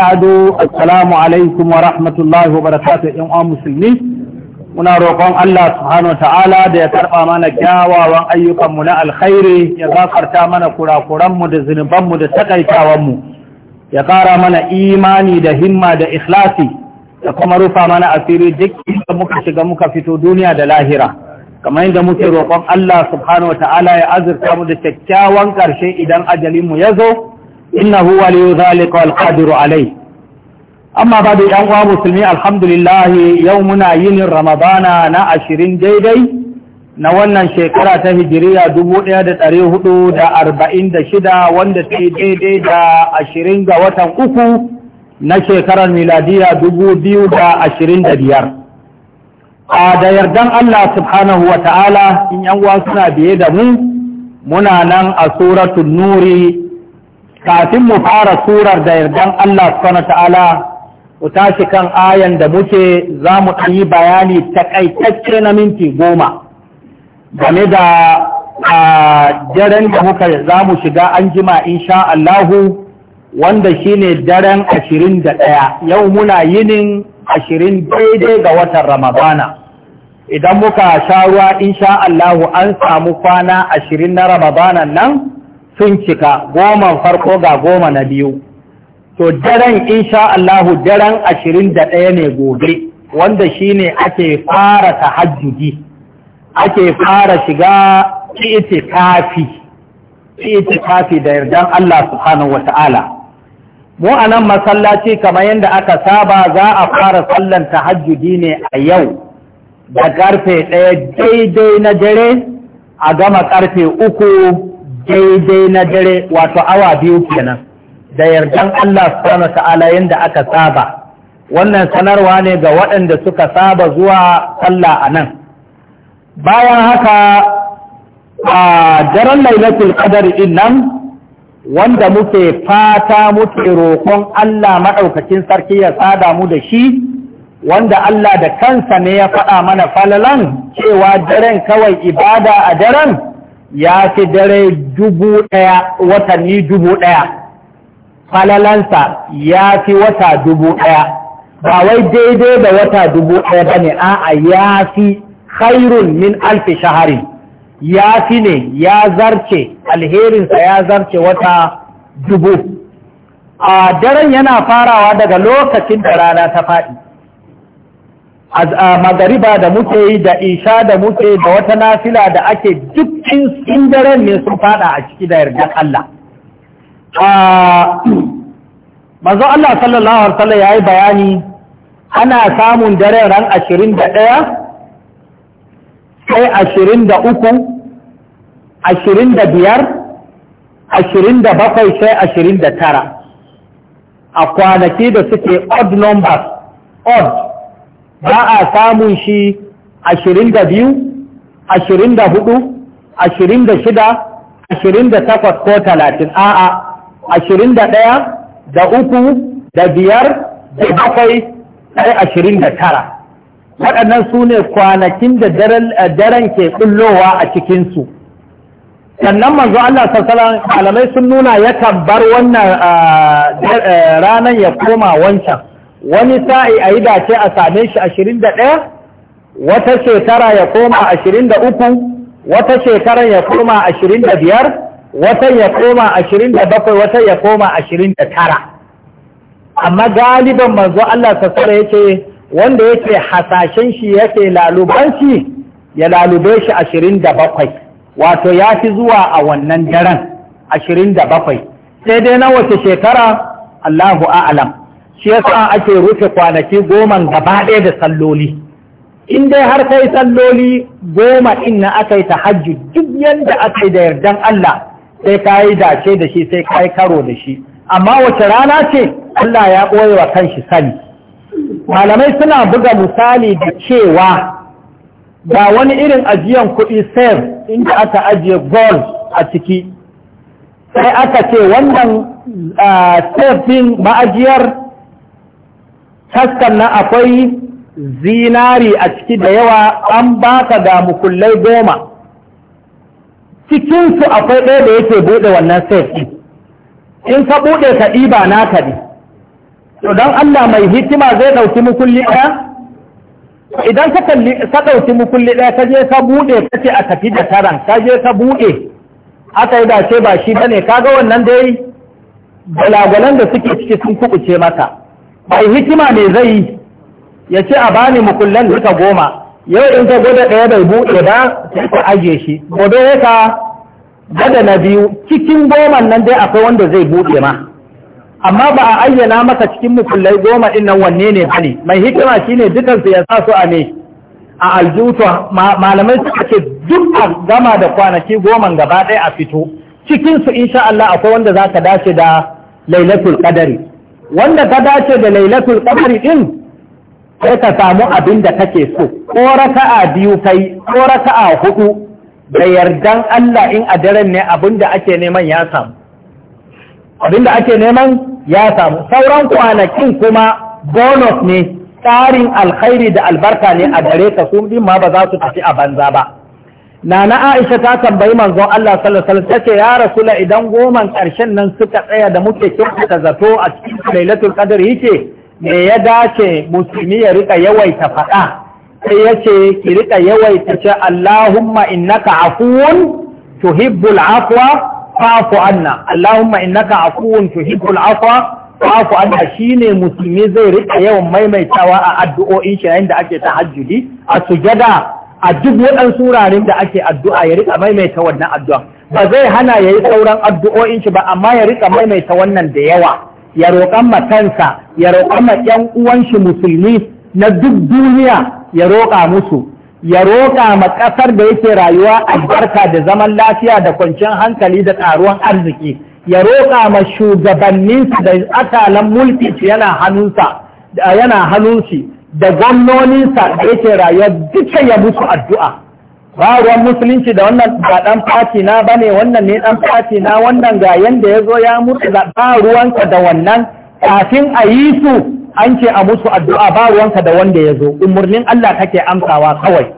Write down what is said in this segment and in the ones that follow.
ado assalamu alaikum wa rahmatullahi wa barakatuh in uwan musulmi muna roƙon Allah subhanahu ta'ala da ya karɓa mana kyawawan ayyukan mu na alkhairi ya gafarta mana kurakuran mu da zunuban mu da takaitawan mu ya ƙara mana imani da himma da ikhlasi da kuma rufa mana asiri duk da muka shiga muka fito duniya da lahira kamar yadda muke roƙon Allah subhanahu ta'ala ya azurta mu da kyakkyawan ƙarshe idan ajalin mu ya zo innahu waliyu zalika wal qadiru alai amma ba da yan uwa musulmi alhamdulillah yau muna yin ramadana na ashirin daidai na wannan shekara ta hijiriya shida wanda ta daidai da ashirin ga watan uku na shekarar miladiya biyar. a da yardan Allah subhanahu wa ta'ala in yan uwa suna biye da mu muna nan a suratul nuri kafin mu fara surar da yardan Allah subhanahu ta'ala ku tashi kan ayan da muke za mu yi bayani takaitacce na minti goma game da a daren da muka za mu shiga an jima insha Allahu wanda shine daren ashirin da ɗaya yau muna yinin ashirin daidai ga watan Ramadana idan muka sha ruwa insha Allahu an samu kwana ashirin na Ramadana nan sun cika goman farko ga goma na biyu to daren insha Allahu daren ashirin da ɗaya ne gobe wanda shi ne ake fara tahajjudi ake fara shiga itikafi kafi da yardan Allah subhanahu ta'ala, mu a nan masallaci kamar yadda aka saba za a fara sallan tahajjudi ne a yau da ƙarfe ɗaya daidai na dare a gama ƙarfe uku daidai na dare wato awa biyu kenan da yardan Allah subhanahu ta'ala yanda aka saba wannan sanarwa ne ga waɗanda suka saba zuwa sallah a nan bayan haka a daren lailatul qadar din nan wanda muke fata muke roƙon Allah madaukakin sarki ya sada mu da shi wanda Allah da kansa ne ya faɗa mana falalan cewa daren kawai ibada a daren ya fi dare dubu ɗaya watanni dubu ɗaya falalansa ya fi wata dubu ɗaya ba wai daidai da wata dubu ɗaya ba ne a'a ya fi khairun min alfi shahari ya fi ne ya zarce alherinsa ya zarce wata dubu a daren yana farawa daga lokacin da rana ta faɗi a magariba da muke yi da isha da muke da wata nafila da ake dukkin tsindaren ne sun fada a ciki da yardar Allah. Mazo Allah sallallahu Alaihi wasallam ya yi bayani ana samun daren ran ashirin da ɗaya, sai ashirin da uku, ashirin da biyar, ashirin da bakwai sai ashirin da tara. A kwanaki da suke odd numbers, odd ba a samun shi ashirin da biyu ashirin da hudu ashirin da shida ashirin da takwas ko talatin a'a ashirin da ɗaya da uku da biyar da bakwai ɗaya ashirin da tara waɗannan su ne kwanakin da daren eh, ke ɓullowa a cikinsu sannan manzo Allah sassalan malamai sun nuna yakan bar wannan ah, eh, ranar ya koma wancan wani sa'i a yi dace a same shi ashirin da ɗaya wata shekara ya koma ashirin da uku wata shekarar ya koma ashirin da biyar watan ya koma ashirin da bakwai watan ya koma ashirin da tara amma galiban manzo Allah sassara ya ce wanda yake hasashen shi yake lalubanci ya lalube shi ashirin da bakwai wato ya fi zuwa a wannan daren ashirin da bakwai sai dai na wace shekara Allahu a'alam shi yasa ake rufe kwanaki goman gaba ɗaya da salloli in dai har kai salloli goma in na aka yi hajji duk yadda aka yi da yardan Allah sai ka yi dace da shi sai ka yi karo da shi amma wace rana ce Allah ya ɓoye wa kanshi sani malamai suna buga misali da cewa ba wani irin ajiyan kuɗi sayar inda aka ajiye gold a ciki sai aka ce wannan ah, sayar din ma'ajiyar haskan nan akwai zinari a ciki da yawa an ba ka da mukullai goma cikinsu akwai ɗaya da yake buɗe wannan sai in ka buɗe ka ɗiba na ka to don Allah mai hikima zai ɗauki mukulli ɗaya idan ka kalli ka ɗauki mukulli ɗaya ka je ka buɗe ka ce a tafi da taran ka je ka buɗe aka yi dace ba shi bane kaga wannan dai gwalagwalan da suke ciki sun kuɓuce maka mai hikima ne zai yi ya ce a bani mukullan duka goma yau in ka gwada ɗaya bai buɗe ba sai ka ajiye shi gobe ya ka gada na biyu cikin goman nan dai akwai wanda zai buɗe ma amma ba a ayyana maka cikin mukullai goma ɗin nan wanne ne ba ne? mai hikima shi shine dukansu ya sa su a ne. a aljuta malamai suka ce duk a gama da kwanaki goman gaba ɗaya a fito cikinsu insha Allah akwai wanda za ka dace da lailatul qadari wanda ta dace da lailatul qadri din sai ka samu abin da kake so ko raka'a biyu kai ko raka'a hudu da yardan Allah in a daren ne abin da ake neman ya samu abin da ake neman ya samu sauran kwanakin kuma bonus ne tsarin alkhairi da albarka ne a gare ka su ma ba za su tafi a banza ba nana Aisha ta tambayi manzon Allah sallallahu alaihi wasallam tace ya rasula idan goman ƙarshen nan suka tsaya da muke kyautata zato a cikin lailatul qadr yake me ya dace musulmi ya rika yawaita fada sai yace ki rika yawaita ce Allahumma innaka afuwun tuhibbul afwa fa'fu anna Allahumma innaka afuwun tuhibbul afwa fa'fu anna shine musulmi zai rika yawan maimaitawa a addu'o'in shi yayin da ake tahajjudi a sujada a duk waɗansu wuraren da ake addu'a ya rika maimaita wannan addu'a ba zai hana ya yi sauran addu'o'in shi ba amma ya rika maimaita wannan da yawa ya roƙan matansa ya roƙan ma ƴan uwan shi musulmi na duk duniya ya roƙa musu ya roƙa ma ƙasar da yake rayuwa albarka da zaman lafiya da kwanciyar hankali da ƙaruwan arziki ya roƙa ma shugabanninsa da akalan mulki yana hannunsa yana hannun da gwamnoninsa da yake rayuwa duka ya mutu addu'a ba ruwan musulunci da wannan ba ɗan fati na ba ne wannan ne ɗan fati na wannan ga yanda ya zo ya mutu da ba ruwanka da wannan kafin a yi su an ce a musu addu'a ba ruwanka da wanda ya zo umarnin Allah take amsawa kawai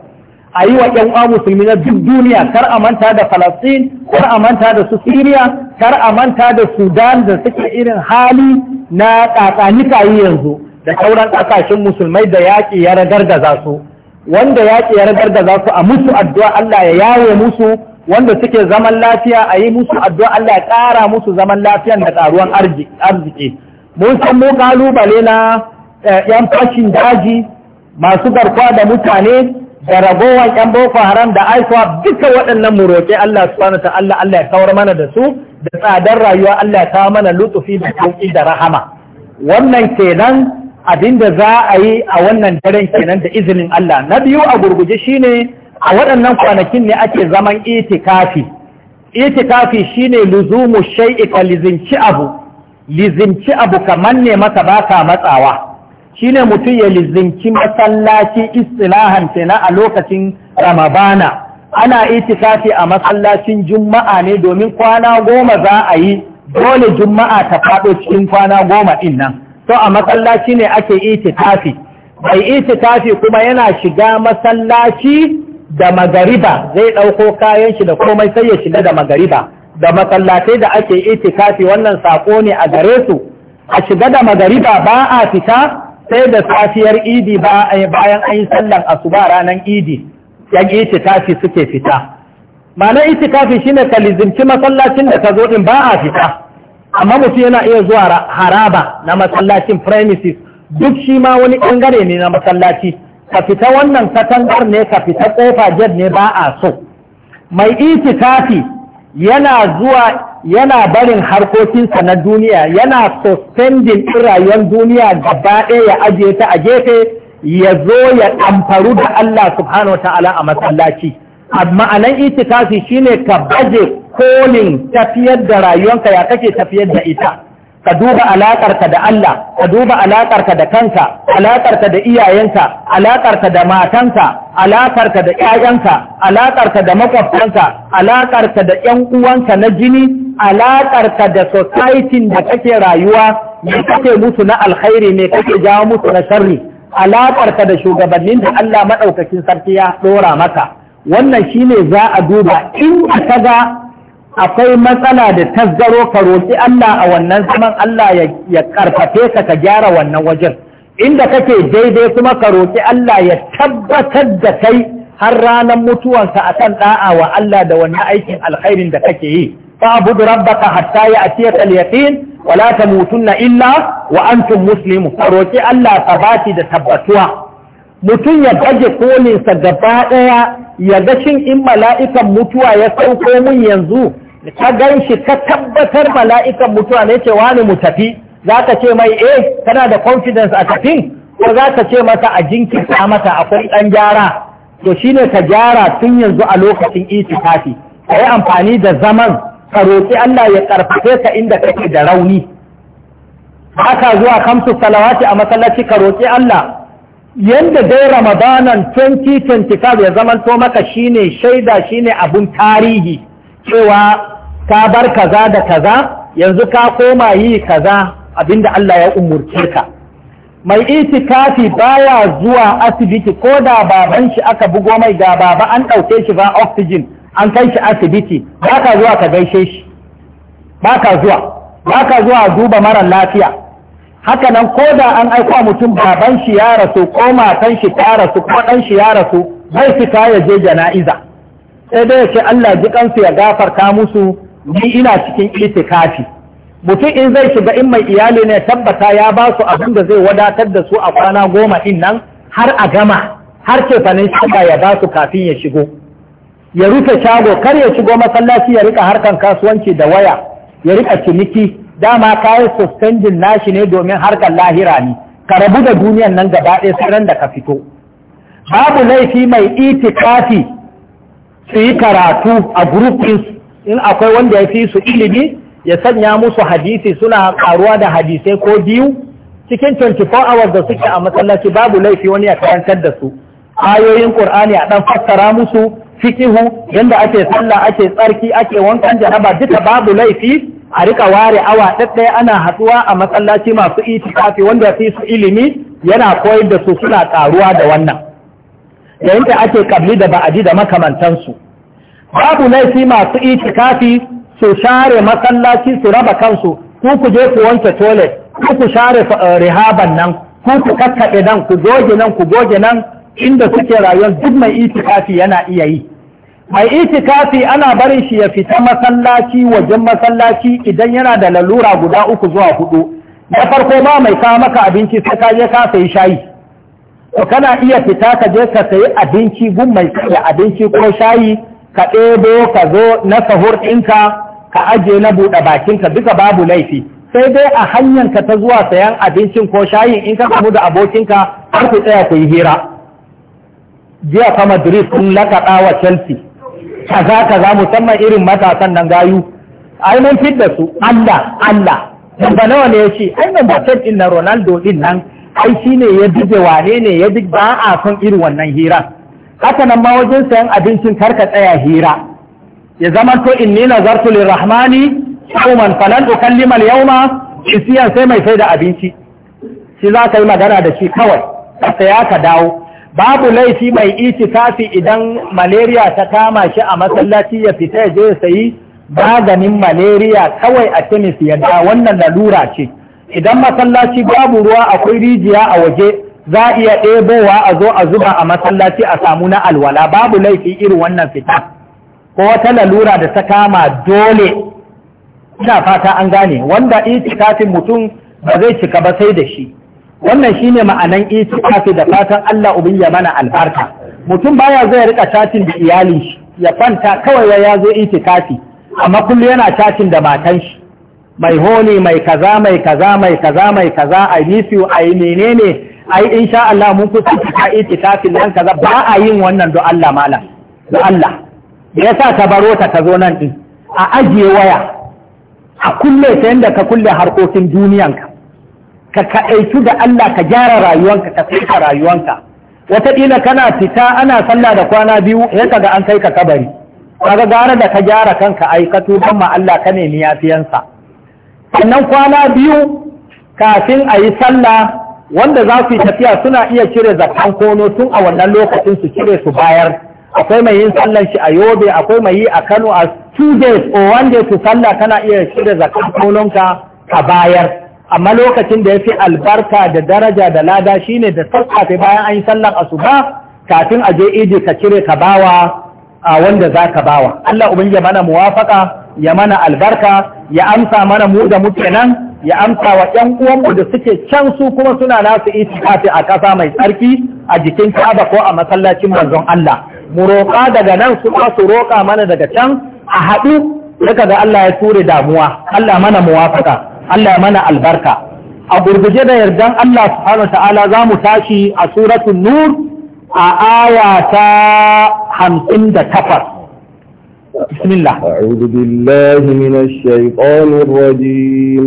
a yi wa ‘yan uwa musulmi na duk duniya kar a manta da Falasɗin, kar a manta da su Siriya, kar a manta da Sudan da suke irin hali na tsatsanika yi yanzu. da sauran ƙasashen musulmai da yaƙi ya za su wanda yaƙi ya za su a musu addu'a Allah ya yawo musu wanda suke zaman lafiya a yi musu addu'a Allah ya ƙara musu zaman lafiyan da ƙaruwan arziki mun san mu ƙalubale na eh, ‘yan fashin daji masu garkuwa da mutane da ragowar ‘yan boko haram da aikuwa duka waɗannan mu roƙe Allah subhanahu ta'ala Allah ya kawar mana da su da tsadar rayuwa Allah ya kawo mana lutufi da sauƙi da rahama wannan kenan Abin da za a yi a wannan daren kenan da izinin Allah na biyu a gurguje shine a waɗannan kwanakin ne ake zaman itikafi itikafi shine luzumu shay'i lizinci abu lizinci abu kamar ne maka baka matsawa shine mutum ya lizinci masallaci istilahan kenan a lokacin ramabana ana itikafi a masallacin juma'a ne domin kwana goma za a yi dole juma'a ta faɗo cikin kwana goma ɗin nan ko a masallaci ne ake itikafi mai itikafi kuma yana shiga masallaci da magariba zai ɗauko kayan shi da komai sai ya shiga da magariba da masallatai da ake itikafi wannan sako ne a gare su a shiga da magariba ba a fita sai da safiyar idi bayan an yi sallan asuba ranar idi yan itikafi suke fita ma'ana itikafi shine ka lizimci masallacin da ka zo din ba a fita amma mutum yana iya zuwa haraba na masallacin premises duk shi ma wani ɓangare ne na masallaci ka fita wannan katangar ne ka fita ƙofa jet ne ba a so mai itikafi yana zuwa yana barin harkokinsa na duniya yana sosfendin irayen duniya gaba ɗaya ya ajiye ta a gefe ya zo ya ɗamfaru da Allah subhanahu ta'ala a masallaci ma'anan itikafi shine ka baje kolin tafiyar da rayuwanka ya kake tafiyar da ita ka duba alaƙarka da Allah ka duba alaƙarka da kanka alaƙarka da iyayenka alaƙarka da matanka alaƙarka da ƴaƴanka alaƙarka da makwabtanka alaƙarka da ƴan uwanka na jini alaƙarka da society da kake rayuwa me kake musu na alkhairi me kake jawo musu na sharri alaƙarka da shugabannin da Allah maɗaukacin sarki ya ɗora maka wannan shine za a duba in ka ga akwai matsala da tasgaro ka roƙi Allah a wannan zaman Allah ya karfafe ka ka gyara wannan wajen inda kake daidai kuma ka roƙi Allah ya tabbatar da kai har ranar mutuwansa akan ɗa'a wa Allah da wannan aikin alkhairin da kake yi fa'bud rabbaka hatta ya'tiyaka al-yaqin wa la tamutunna illa wa antum muslimun ka roƙi Allah sabati da tabbatuwa mutum ya baje kolinsa gaba ɗaya ya ga shin in mala'ikan mutuwa ya sauko mun yanzu ka gan shi ka tabbatar mala'ikan mutuwa ne ce wani mu tafi za ka ce mai eh kana da confidence a tafin ko za ka ce mata a jinkirta mata akwai ɗan gyara to shine ka gyara tun yanzu a lokacin itikafi ka yi amfani da zaman ka roƙi Allah ya karfafe ka inda kake da rauni haka zuwa kamsu salawati a masallaci ka roƙi Allah yadda dai ramadanan 2025 ya zamanto maka shine shaida shine abin tarihi cewa ka bar kaza da kaza yanzu ka koma yi kaza abinda Allah ya umurce ka mai itikafi baya zuwa asibiti ko da baban shi aka bugo mai ga baba an ɗauke shi ba oxygen an kai shi asibiti ba zuwa ka gaishe shi baka zuwa ba zuwa duba mara lafiya haka nan ko da an aika mutum baban shi ya rasu ko matan shi ta rasu ko ɗan shi ya rasu bai fita ya je jana'iza sai dai ya ce Allah ji kansu ya gafarta musu ni ina cikin itikafi mutum in zai shiga in mai iyali ne tabbata ya ba su abin da zai wadatar da su a kwana goma din nan har a gama har ce fanin shiga ya ba su kafin ya shigo ya rufe shago kar ya shigo masallaci ya rika harkan kasuwanci da waya ya rika ciniki dama kayan suspendin nashi ne domin harkar lahira ne ka rabu da duniyan nan gaba ɗaya sai da ka fito babu laifi mai itikafi su yi karatu a gurup, in akwai wanda ya fi su ilimi ya sanya musu hadisi suna karuwa da hadisai ko biyu cikin 24 hours da suke a masallaci babu laifi wani ya karantar da su ayoyin ƙur'ani a ɗan fassara musu fiƙihu, yadda ake sallah ake tsarki ake wankan janaba duka babu laifi a rika ware awa ɗaɗɗaya ana haɗuwa a masallaci masu itikafi wanda fi su ilimi yana koyar da su suna ƙaruwa da wannan yayin da ake kabli da ba'adi da makamantansu babu laifi masu itikafi su share masallaci su raba kansu ku ku je ku wanke toilet ku ku share eh, rihaban nan ku ku kakkaɓe nan ku goge nan ku goge nan inda suke rayuwar duk mai itikafi yana iya yi mai itikafi ana barin shi ya fita masallaci wajen masallaci idan yana da lalura guda uku zuwa hudu na farko ba mai kawo maka abinci sai ka je ka sayi shayi to kana iya fita ka je ka sayi abinci gun mai kaya abinci ko shayi ka ɗebo ka zo na sahur ɗinka ka ajiye na buɗe bakinka duka babu laifi sai dai a hanyar ka ta zuwa sayan abincin ko shayin in ka samu da abokinka har ku tsaya ku yi hira jiya fa Madrid sun lakaɗa wa Chelsea kaza kaza musamman irin matasan nan gayu ai mun fidda su Allah Allah ba nawa ne yace ai nan ba sai din na Ronaldo din nan ai shine ya dige wane ne ya dige ba a son irin wannan hira haka nan ma wajen sayan abincin karka tsaya hira ya zama to inni nazartu lirrahmani yawman falan ukallima al isiyan sai mai sai da abinci shi za ka yi magana da shi kawai ka ya ka dawo babu laifi mai itikafi idan malaria ta kama shi a masallaci ya fita ya je sayi maganin malaria kawai a tennis ya da wannan lalura ce idan masallaci babu ruwa akwai rijiya a waje za a iya ɗebowa a zo a zuba a masallaci a samu na alwala babu laifi irin wannan fita ko wata lalura da ta kama dole ina fata an gane wanda itikafin mutum ba zai cika ba sai da shi wannan shine ma'anan itikafi da fatan Allah ubin ya mana albarka mutum baya zai rika chatin da iyalin shi ya kwanta kawai ya zo itikafi amma kullum yana chatin da matan shi mai honi mai kaza mai kaza mai kaza mai kaza a nisiyu a menene a yi insha Allah mun kusa ka itikafin nan kaza ba a yin wannan don Allah malam don Allah yasa ka baro ta ka zo nan din a ajiye waya a kulle ta yanda ka kulle harkokin duniyanka ka kaɗaitu da Allah ka gyara rayuwanka ka ka. rayuwanka wataƙila kana fita ana sallah da kwana biyu ya kaga an kai ka kabari kaga gara da ka gyara kanka ai ka tuban ma Allah ka nemi yafiyansa sannan kwana biyu kafin a yi sallah wanda za su yi tafiya suna iya cire zakan kono tun a wannan lokacin su cire su bayar akwai mai yin sallan shi a yobe akwai mai yi a kano a two days or one day to sallah kana iya cire zakan kononka a bayar amma lokacin da ya fi albarka da daraja da lada shine da sassafe bayan an yi sallar asuba kafin a je idi ka cire ka bawa a wanda za ka bawa Allah ya mana muwafaka ya mana albarka ya amsa mana mu da muke nan ya amsa wa ƴan uwanmu da suke can su kuma suna nasu itikafi a ƙasa mai tsarki a jikin Ka'aba ko a masallacin manzon Allah mu roƙa daga nan su ba su roƙa mana daga can a haɗu daga ga Allah ya ture damuwa Allah mana muwafaka Allah mana albarka a gurguje da yardan Allah subhanahu ta'ala za mu tashi a suratul nur a aya ta hamsin da takwas بسم الله أعوذ بالله من الشيطان الرجيم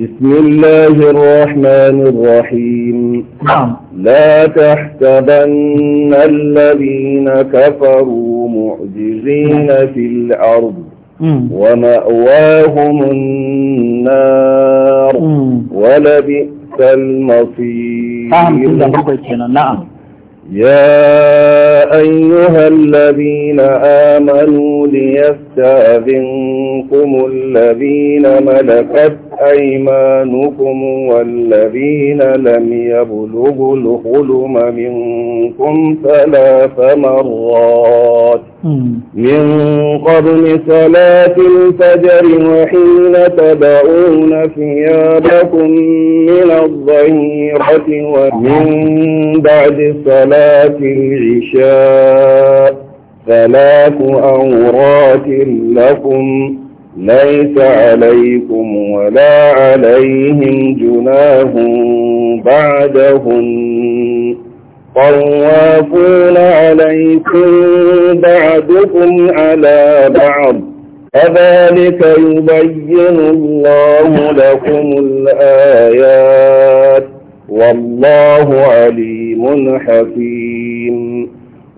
بسم الله الرحمن الرحيم نعم. لا تحسبن الذين كفروا معجزين في الأرض ومأواهم النار ولبئس المصير نعم يا أيها الذين آمنوا ليستاذنكم الذين ملكت أيمانكم والذين لم يبلغوا الحلم منكم ثلاث مرات من قبل صلاة الفجر وحين تدعون ثيابكم من الظهيرة ومن بعد صلاة العشاء ثلاث أورات لكم ليس عليكم ولا عليهم جناه بعدهم طوافون عليكم بعدكم على بعض كذلك يبين الله لكم الآيات والله عليم حكيم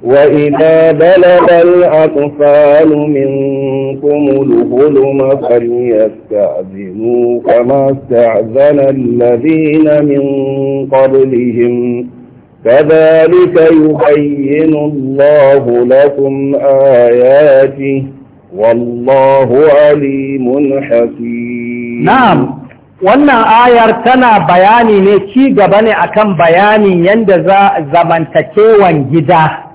وإذا بلغ الأطفال منكم الهلم فليستأذنوا كما استأذن الذين من قبلهم كذلك يبين الله لكم آياته والله عليم حكيم نعم wannan ayar tana bayani ne ci gaba ne akan bayanin yadda zamantakewan gida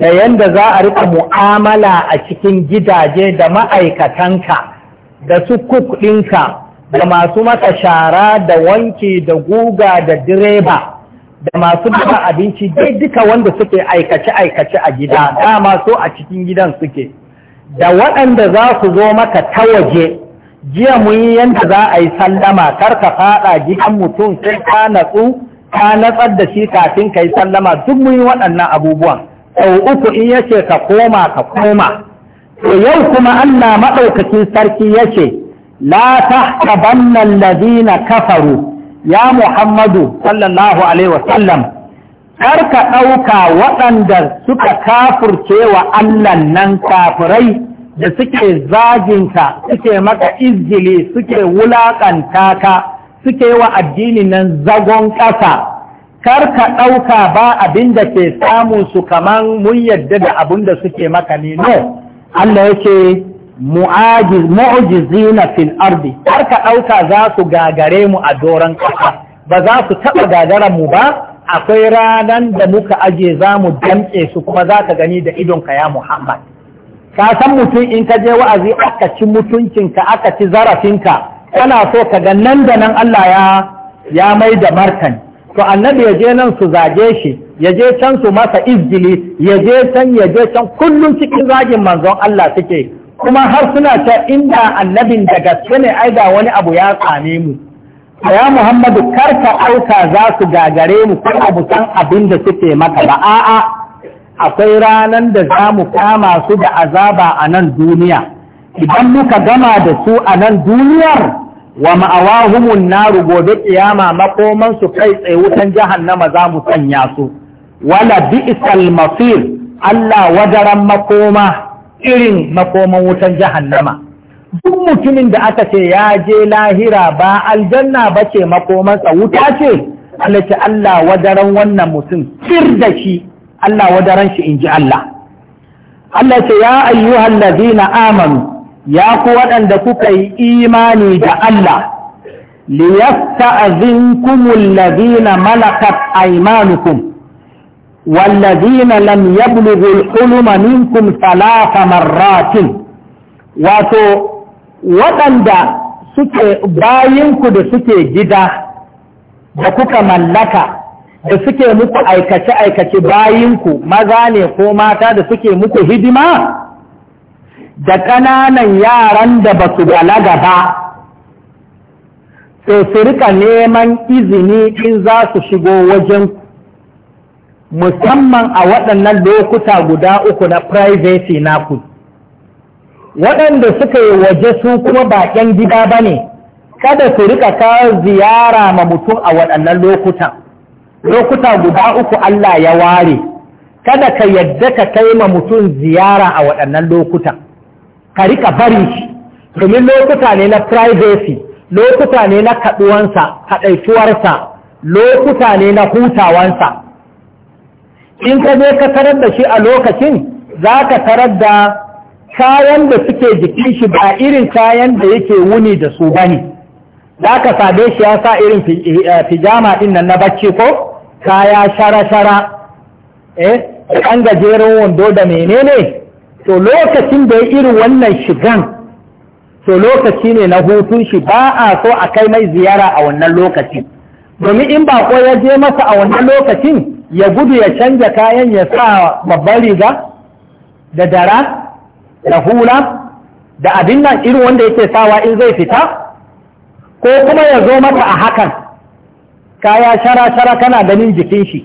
da yanda za a riƙa mu'amala a cikin gidaje da ma'aikatanka da su cook ɗinka da masu maka shara da wanki da guga da direba da masu dafa abinci dai duka wanda suke aikace-aikace a gida dama so a cikin gidan suke da waɗanda za su zo maka ta waje jiya mun yi yadda za a yi sallama kar ka faɗa gidan mutum sai ka natsu ka natsar da shi kafin ka yi sallama duk mun yi waɗannan abubuwan sau uku in yace ka koma ka koma to yau kuma Allah maɗaukacin sarki yace la tahtabanna alladhina kafaru ya Muhammadu sallallahu alaihi wasallam kar ka ɗauka waɗanda suka kafurce wa Allah nan kafurai da suke zaginka suke maka izgili suke wulaƙanta ka suke wa addini nan zagon ƙasa kar ka ɗauka ba abin da ke samun su kaman mun yadda da abin da suke maka ne no Allah yake na fil ardi kar ka ɗauka za su gagare mu a doron ƙasa ba za su taɓa gagara mu ba akwai ranan da muka aje za mu damƙe su kuma za ka gani da idonka ya Muhammad ka san mutum in ka je wa'azi aka ci mutuncinka aka ci zarafinka kana so ka ga nan da nan Allah ya ya mai da martani to annabi ya je nan su zage shi ya je can su masa izgili ya je can ya je can kullum cikin zagin manzon Allah suke kuma har suna ta inda annabin da gaske ne ai da wani abu ya tsane mu ya Muhammadu karka auka za su gagare mu ko abu san abin da suke maka ba a'a akwai ranan da za mu kama su da azaba a nan duniya idan muka gama da su a nan duniyar wa ma'awahumun naru gobe ƙiyama makoman su kai tsaye wutan jahannama za mu sanya su wala isal masir Allah wadaran makoma irin makoman wutan jahannama duk mutumin da aka ce ya je lahira ba aljanna ba ce makomansa wuta ce Allah ce Allah wadaran wannan mutum fir da shi Allah wadaran shi in ji Allah Allah ce ya ayyuhan lazina amanu ya ku waɗanda kuka yi imani da Allah liyasta ليستأذنكم الذين ملكت أيمانكم والذين لم يبلغوا الحلم منكم talata مرات wato waɗanda suke bayinku da suke gida da kuka mallaka da suke muku aikace-aikace bayinku maza ne ko mata da suke muku hidima da ƙananan yaran da ba su balaga ba sai su rika neman izini in za su shigo wajen musamman a waɗannan lokuta guda uku na privacy ku. waɗanda suka yi waje su kuma baƙen gida ba ne kada su rika kawo ziyara ma mutum a waɗannan lokutan lokuta guda uku Allah ya ware kada ka yadda ka kai ma mutum ziyara a waɗannan lokutan ka rika bari shi domin lokuta ne na privacy lokuta ne na kaɗuwansa kaɗaituwarsa lokuta ne na hutawansa in ka je ka tarar da shi a lokacin za ka tarar da kayan da suke jikin shi ba irin kayan da yake wuni da su ba ne za ka sabe shi ya sa irin fijama eh, eh, ɗin nan na bacci ko kaya shara-shara eh ɗan gajeren wando da menene to lokacin da ya irin wannan shigan to lokaci ne na hutun shi ba a so a kai mai ziyara a wannan lokacin domin in ba ko ya je masa a wannan lokacin ya gudu ya canja kayan ya sa babban riga da dara da hula da abin nan irin wanda yake sawa in zai fita ko kuma ya zo mata a hakan kaya shara-shara kana ganin jikin shi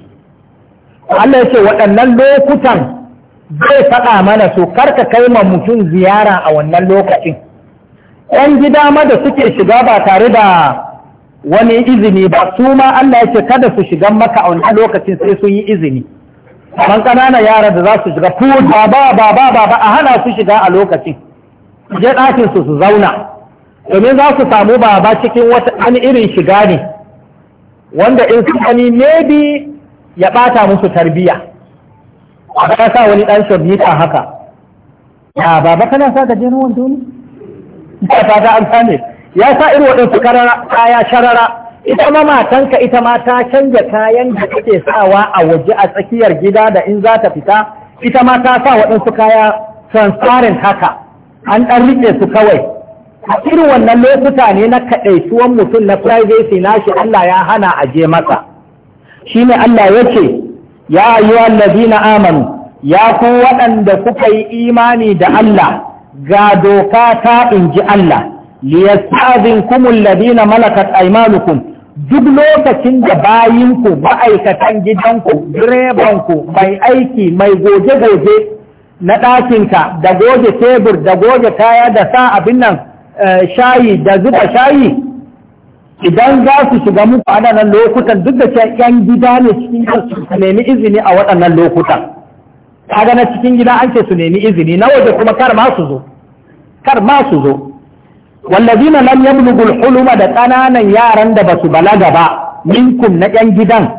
Allah ya ce waɗannan lokutan zai faɗa mana so ka kai ma mutum ziyara a wannan lokacin ‘yan gida ma da suke shiga ba tare da wani izini ba su ma Allah yake kada su shiga maka a wannan lokacin sai sun yi izini ban ƙananan yara da za su shiga ku ba ba ba ba ba a hana su shiga a lokacin je ɗakin su su zauna domin za su samu baba cikin wata wani irin shiga ne wanda in su gani bi ya ɓata musu tarbiyya ba ya sa wani ɗan shabika haka ba ba kana sa gajeren wando ne ta ya sa irin waɗansu kaya sharara ita ma matanka ita ma ta canja kayan da kake sawa a waje a tsakiyar gida da in za ta fita ita ma ta sa waɗansu kaya transparent haka an ɗan riƙe su kawai a irin wannan lokuta ne na kaɗaituwan mutum na privacy nashi Allah ya hana a je masa shi ne Allah ya ce ya ayyuhal ladina amanu ya ku waɗanda kuka yi imani da Allah ga doka ta inji Allah liyasta'zinkumul ladina malakat aymanukum duk lokacin da bayinku ma'aikatan gidanku direbanku mai aiki mai goje-goje na ɗakinka da goge tebur da goge kaya da sa abin nan eh, shayi da zuba shayi idan za su shiga muku waɗannan lokutan duk da cewa yan gida ne cikin su nemi izini a waɗannan lokutan kaga na cikin gida an ce su nemi izini na waje kuma kar ma su zo kar ma su zo wallazina lam yablughu al-huluma da ƙananan yaran da basu balaga ba minkum na yan gidan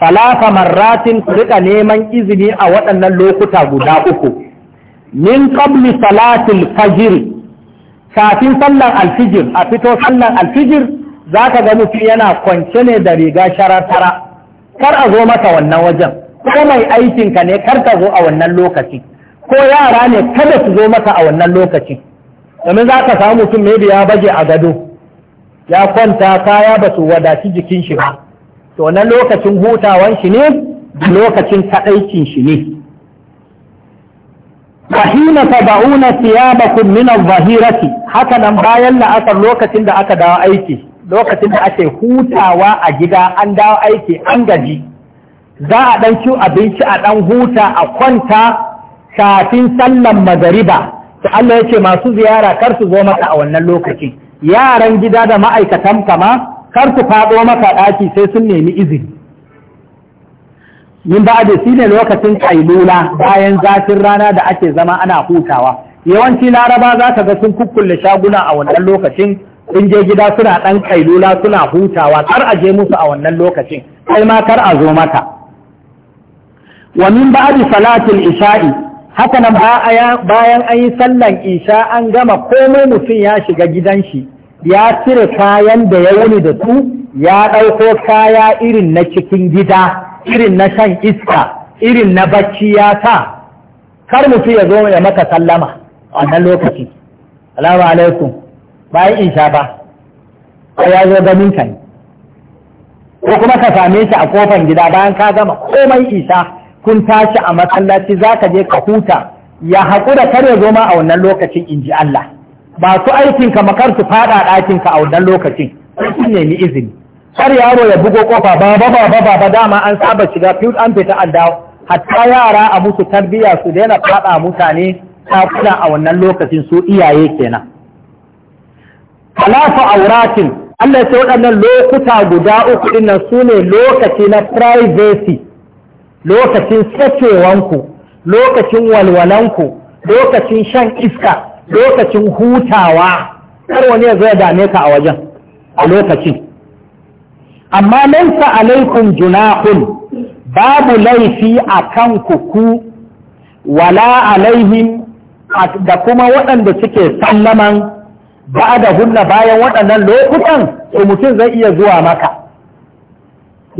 falafa marratin ku rika neman izini a waɗannan lokuta guda uku min qabli salatil fajr kafin sallar alfijir a fito sallar alfijir za ka ga mutum yana kwance ne da riga sharatara kar a zo mata wannan wajen ko mai aikinka ne kar ka zo a wannan lokaci ko yara ne kada su zo mata a wannan lokaci domin za ka samu mutum maybe ya baje a gado ya kwanta kaya ba su wadaci jikin shi ba to wannan lokacin hutawan shi ne lokacin kaɗaikin shi ne ta وحين siya ثيابكم من zahirati haka nan bayan la'asar lokacin da aka dawo aiki lokacin da ake hutawa a gida an dawo aiki an gaji za a ɗan ci abinci a ɗan huta a kwanta kafin sallan magariba to Allah ya ce masu ziyara kar su zo maka a wannan lokaci yaran gida da ma'aikatan kama kar su faɗo maka ɗaki sai sun nemi izini min ba da shi ne lokacin kailula bayan zafin rana da ake zama ana hutawa yawanci laraba za ka ga sun kukkulle shaguna a wannan lokacin in je gida suna ɗan kailula suna hutawa kar a je musu a wannan lokacin kai ma kar a zo maka wa min ba'di salatul isha'i haka nan bayan an yi sallan isha an gama komai mutum ya shiga gidan shi ya cire kayan da ya wuni da su ya ɗauko kaya irin na cikin gida irin na shan iska irin na bacci ya sa kar mutum ya zo ya maka sallama a wannan lokacin. alama alaikum bayan in sha ba sai ya zo ganin ka ne ko kuma ka same shi a kofan gida bayan ka gama komai isa kun tashi a masallaci za ka je ka huta ya haƙura kar ya zoma a wannan lokacin in ji Allah ba su aikin ka makar su faɗa ɗakin ka a wannan lokacin sun nemi izini kar yaro ya bugo kofa ba ba ba ba ba dama an saba shiga fiye an fita an dawo hatta yara a musu tarbiyya su daina faɗa mutane ta kula a wannan lokacin su iyaye kenan a auratin Allah ya ce waɗannan lokuta guda uku dinnan su ne lokaci na privacy lokacin sakewanku lokacin walwalanku lokacin shan iska lokacin hutawa kar wani ya zo dame ka a wajen a lokacin amma laisa alaikum junahun babu laifi a kan ku wala alaihim da kuma waɗanda suke sallaman ba da hunna bayan waɗannan lokutan to mutum zai iya zuwa maka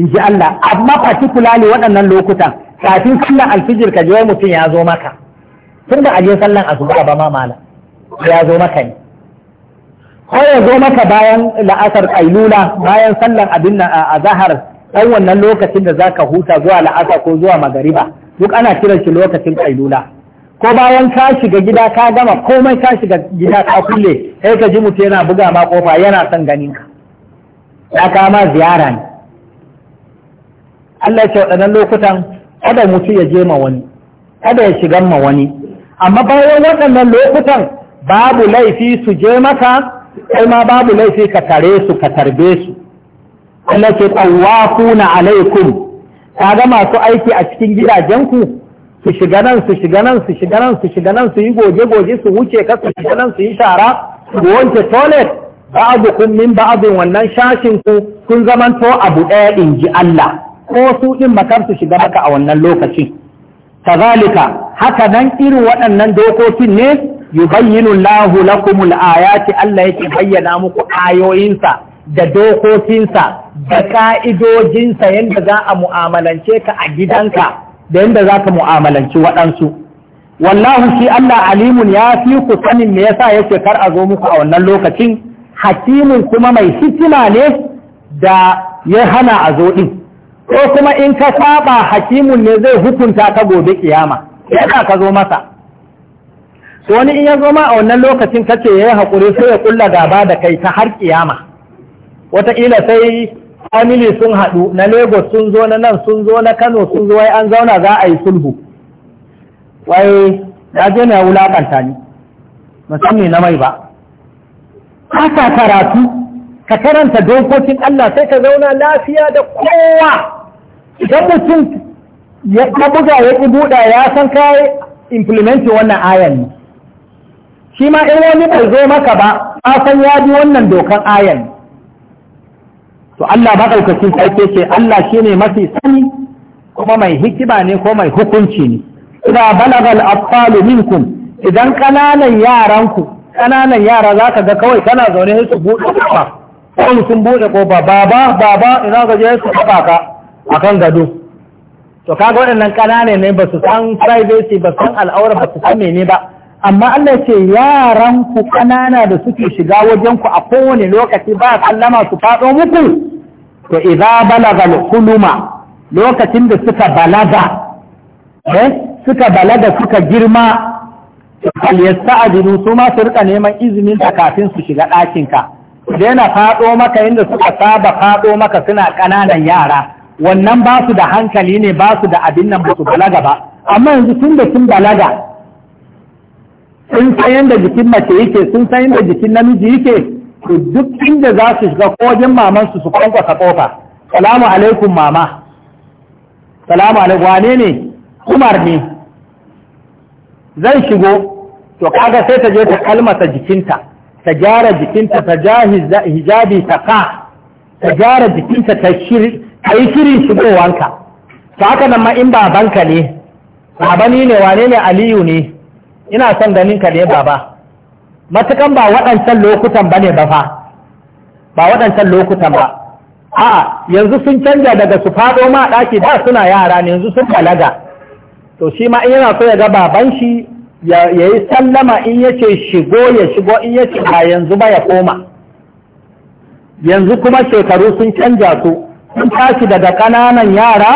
in ji Allah amma particularly waɗannan lokutan kafin sallan alfijir ka je mutum ya zo maka tun da aje sallan asuba ba ma mala ya zo maka ne ko ya zo maka bayan la'asar kailula bayan sallan abin nan a zahar ɗan wannan lokacin da zaka huta zuwa la'asar ko zuwa magariba duk ana kiran shi lokacin kailula ko bayan ka shiga gida ka gama komai ka shiga gida ka kulle sai ka ji mutu yana buga ma kofa yana son ganin ka ya kama ziyara ne Allah ce waɗannan lokutan kada mutu ya je ma wani kada ya shiga ma wani amma bayan waɗannan lokutan babu laifi su je maka kai ma babu laifi ka tare su ka tarbe su Allah ce tawafuna alaikum kaga masu aiki a cikin gidajenku su shiga nan su shiga nan su shiga nan su shiga nan su yi goge-goge su wuce ka su shiga nan su yi shara su wanke toilet ba'abu kun min ba'abin wannan shashin ku kun zamanto abu daya in ji Allah ko su din makar su shiga maka a wannan lokacin kazalika haka nan irin waɗannan dokokin ne yubayyinu Allahu lakumul ayati Allah yake bayyana muku ayoyinsa da dokokinsa da ka'idojinsa yadda za a mu'amalance ka a gidanka da yadda za ka mu'amalanci waɗansu wallahu shi Allah alimun ya fi ku sanin me yasa yake kar a zo muku a wannan lokacin hakimin kuma mai hikima ne da ya hana a zo ɗin ko kuma in ka saba hakimun ne zai hukunta ka gobe kiyama yana ka zo masa to wani in ya zo ma a wannan lokacin kace yayi haƙuri sai ya kulla gaba da kai ta har kiyama wataƙila sai family sun haɗu na lagos sun zo na nan sun zo na kano sun zo wai an zauna za a yi sulhu wai na je na wulakanta ni musamman na mai ba haka karatu ka karanta dokokin Allah sai ka zauna lafiya da kowa idan mutum ya buga ya ki buɗa ya san kai implementi wannan ayan ne shi ma in wani bai zo maka ba a san ya bi wannan dokan ayan ne to Allah maɗaukakin ke ce Allah shine mafi sani kuma mai hikima ne ko mai hukunci ne idza balagal al-atfalu minkum idan kananan yaranku kananan yara zaka ga kawai kana zaune su buɗe kofa kawai sun buɗe kofa baba baba ina ga je su kafa ka akan gado to kaga waɗannan kanane ne ba su san privacy ba san al'aura ba su san mene ba amma Allah ce yaran ku ƙanana da suke shiga wajen ku a kowane lokaci ba sallama su faɗo muku to idza balagal huluma lokacin da suka balaga eh suka balaga suka girma fal yasta'dinu su ma su rika neman izinin da kafin su shiga ɗakin ka yana faɗo maka inda suka saba faɗo maka suna kananan yara wannan ba su da hankali ne ba su da abin nan ba su balaga ba amma yanzu tun da sun balaga sun san yadda jikin mace yake sun san yadda jikin namiji yake to duk inda za su shiga ko wajen maman su su kwankwasa kofa salamu alaikum mama salamu alaikum wane ne umar ne zai shigo to kaga sai ta je ta kalmata jikinta ta gyara jikinta ta ja hijabi ta ka ta gyara jikinta ta yi shirin shigowanka ta haka nan ma in babanka ne babani ne wane ne aliyu ne ina son ganin ka ne baba matukan ba waɗancan lokutan ba ne ba fa ba waɗancan lokutan ba a'a yanzu sun canja daga su faɗo ma ɗaki da suna yara ne yanzu sun balaga to shi ma in yana so ya ga baban shi ya yi sallama in ya shigo ya shigo in ya ce ba yanzu ba ya koma yanzu kuma shekaru sun canja su sun tashi daga ƙananan yara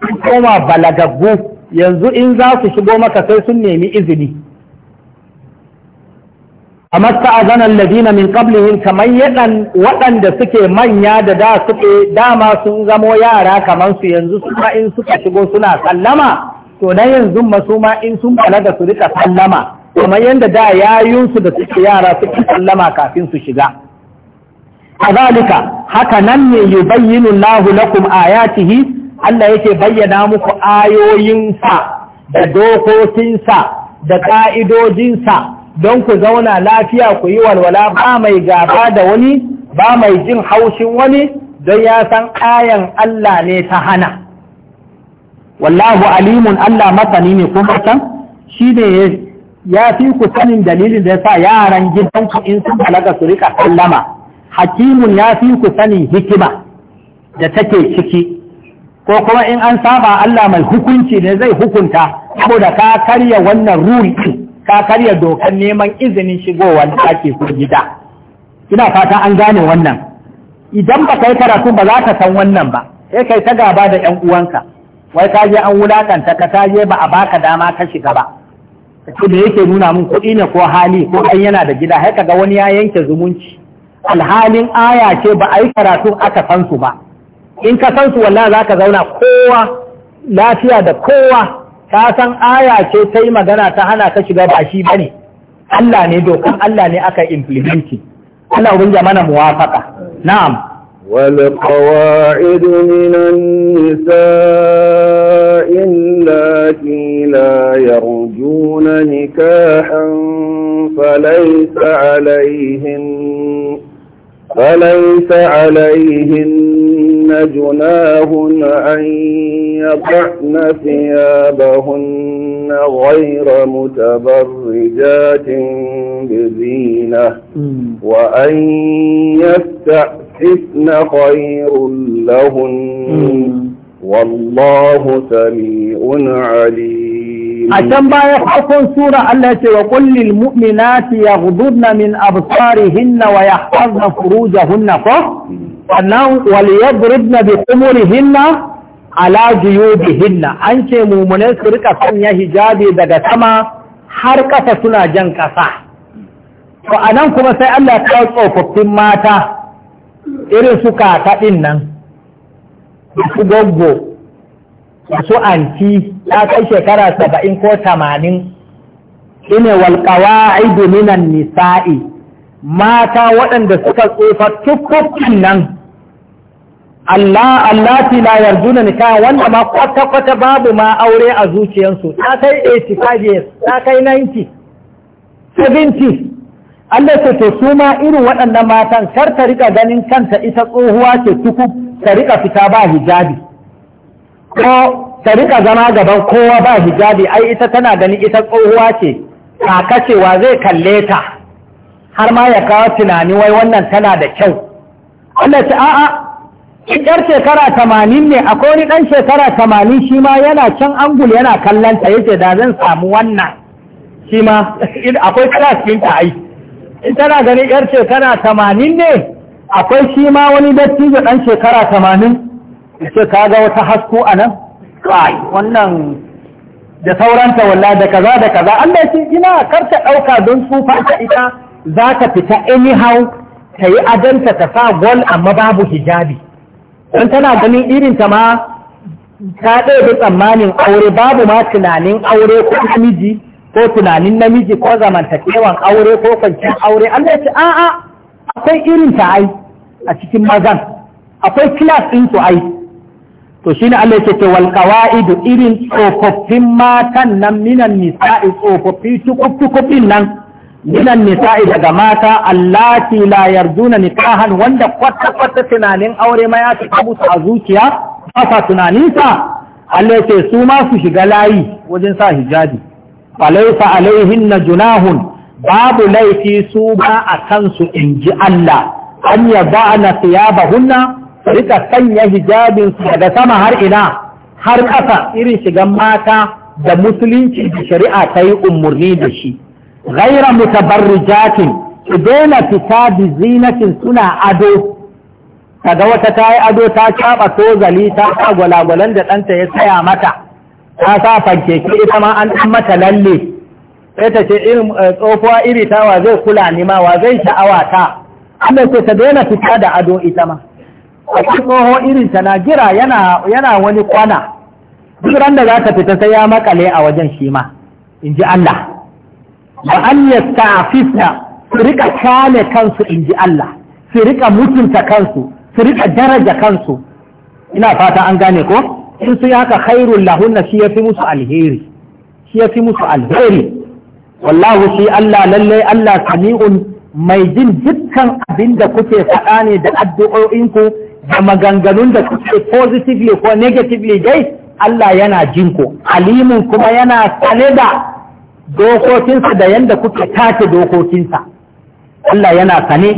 sun koma balagaggu yanzu in za su shigo maka sai sun nemi izini A amma ta'azanan ladina min qablihim kamar yadan waɗanda suke manya da da suke dama sun zamo yara kamar su yanzu suna in suka shigo suna sallama to na yanzu masu ma in sun balaga su rika sallama kamar yadda da yayunsu da suke yara suke sallama kafin su shiga kazalika haka nan ne yubayyinu Allahu lakum ayatihi Allah yake bayyana muku ayoyinsa da dokokinsa da ƙa'idojinsa don ku zauna lafiya ku yi walwala ba mai gaba da wani ba mai jin haushin wani don ya san ayan Allah ne ta hana. Wallahu alimun Allah masani ne kuma can shi ne ya fi ku sanin dalilin da ya sa yaran gidanku in sun balaga su rika sallama. Hakimun ya fi ku sanin hikima da take ciki. ko kuma in an saba Allah mai hukunci ne zai hukunta saboda ka karya wannan ruri ka karya dokar neman izinin shigowa da ake ko gida ina fata an gane wannan idan ba kai karatu ba za ka san wannan ba sai kai ta gaba da yan uwanka wai ka je an wulakanta ka je ba a baka dama ka shiga ba kace da yake nuna min kuɗi ne ko hali ko ɗan yana da gida sai kaga wani ya yanke zumunci alhalin aya ce ba a yi karatun aka san su ba in ka san su wallahi za ka zauna kowa lafiya da kowa ka san aya ce ta yi magana ta hana ka shiga ba shi ba ne Allah ne dokan Allah ne aka implimenti Allah ubangiji mana muwafaka na'am والقواعد من النساء juna لا يرجون نكاحا فليس عليهن فليس عليهن لهن جناه أن يضعن ثيابهن غير متبرجات بزينة وأن يستعففن خير لهن والله سميع عليم عشان بقى يحفظ سورة التي وقل للمؤمنات يغضبن من أبصارهن ويحفظن فروجهن فقط sannan waliyadribna bi qumurihinna ala hinna an ce mumune su rika sanya hijabi daga sama har ƙasa suna jan ƙasa to anan kuma sai Allah ya tsofaffin mata irin su kakaɗin nan da su goggo su anti ta kai shekara saba'in ko tamanin ine walƙawa minan nisa'i mata waɗanda suka tsofa tukkukin nan Allah allati la yarduna nika wanda ma kwata kwata babu ma aure a zuciyarsu ta kai 85 ta kai 90 70 Allah ce to su ma irin waɗannan matan kar ta rika ganin kanta ita tsohuwa ce tuku ta rika fita ba hijabi ko ta rika zama gaban kowa ba hijabi ai ita tana ganin ita tsohuwa ce kakacewa zai kalle ta har ma ya kawo tunani wai wannan tana da kyau Allah ce a'a in ɗar shekara tamanin ne a wani ɗan shekara tamanin shi ma yana can angul yana kallon ta yake da zan samu wannan shi ma akwai class ɗin ta ai in tana ganin ɗar shekara tamanin ne akwai shi ma wani dattijo ɗan shekara tamanin ce ka ga wata hasko a nan kai wannan da sauranta walla da kaza da kaza Allah ce ina karta ɗauka don tsufa ta ita za ta fita anyhow ta yi adanta ta sa gol amma babu hijabi don tana ganin irin ta ma ta ɗaya tsammanin aure babu ma tunanin aure ko namiji ko tunanin namiji ko zamantakewan aure ko kwanciyar aure Allah ya ce a'a akwai irin ta ai a cikin mazan akwai kilas ɗin su ai to shine Allah ya ce wal qawaidu irin tsofaffin matan nan minan nisa'i tsofaffi tukuf nan minan nisa'i daga mata allati la yarjuna nikahan wanda kwata kwata tunanin aure ma ya ta musu a zuciya ba tunani Allah ya ce su ma su shiga layi wajen sa hijabi falaisa alaihin na junahun babu laifi su ba a kansu in ji Allah an ya ba na siyaba hunna rika sanya hijabin su daga sama har ina har ƙasa irin shigan mata da musulunci da shari'a ta yi umarni da shi ghaira mutabarrijatin su daina fita bi zinatin suna ado kaga wata ta yi ado ta caba zali, ta sa gwalagwalan da ɗanta ya saya mata ta sa fankeke ita ma an ɗan mata lalle sai ta ce irin tsofuwa iri ta wa zai kula ni ma wa zai sha'awa ta Allah ce ta daina fita da ado ita ma a tsoho irin ta na gira yana wani kwana duk da za ta fita sai ya makale a wajen shi ma in ji Allah wa an tafisa su rika kyale kansu in ji Allah su rika mutunta kansu su rika daraja kansu ina fata an gane ko in su haka khairul lahunna shi ya fi musu alheri shi ya fi musu alheri wallahu shi Allah lallai Allah sami'un mai jin dukkan abin da kuke faɗa ne da addu'o'inku da maganganun da kuke positively ko negatively dai Allah yana jinku alimin kuma yana sane da dokokinsa da yanda kuka tace dokokinsa Allah yana sane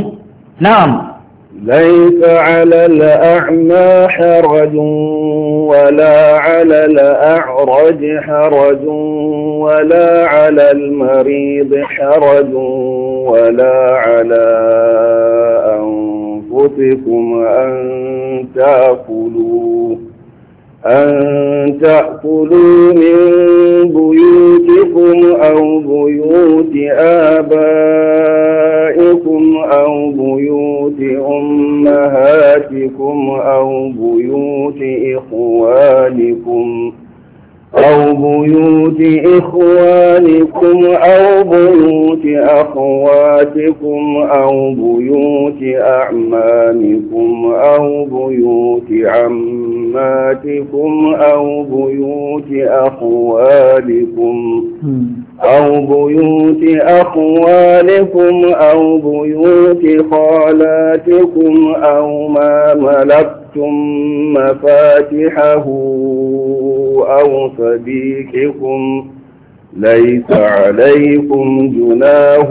na'am ليس على الأعمى حرج ولا على الأعرج حرج ولا على المريض حرج ولا على أنفسكم أن تأكلوا أن تأكلوا من بيوتكم أو بيوت آبائكم أو بيوت أمهاتكم أو بيوت إخوانكم أو بيوت إخوانكم أو بيوت أخواتكم أو بيوت أعمامكم أو بيوت عماتكم أو بيوت أخوالكم أو بيوت أخوالكم أو بيوت خالاتكم أو ما ملكتم مفاتحه أو صديقكم ليس عليكم جناه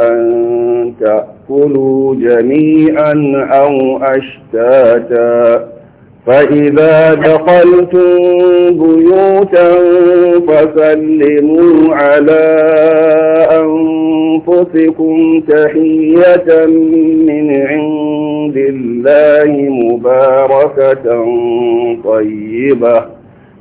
أن تأكلوا جميعا أو أشتاتا فإذا دخلتم بيوتا فسلموا على أنفسكم تحية من عند الله مباركة طيبة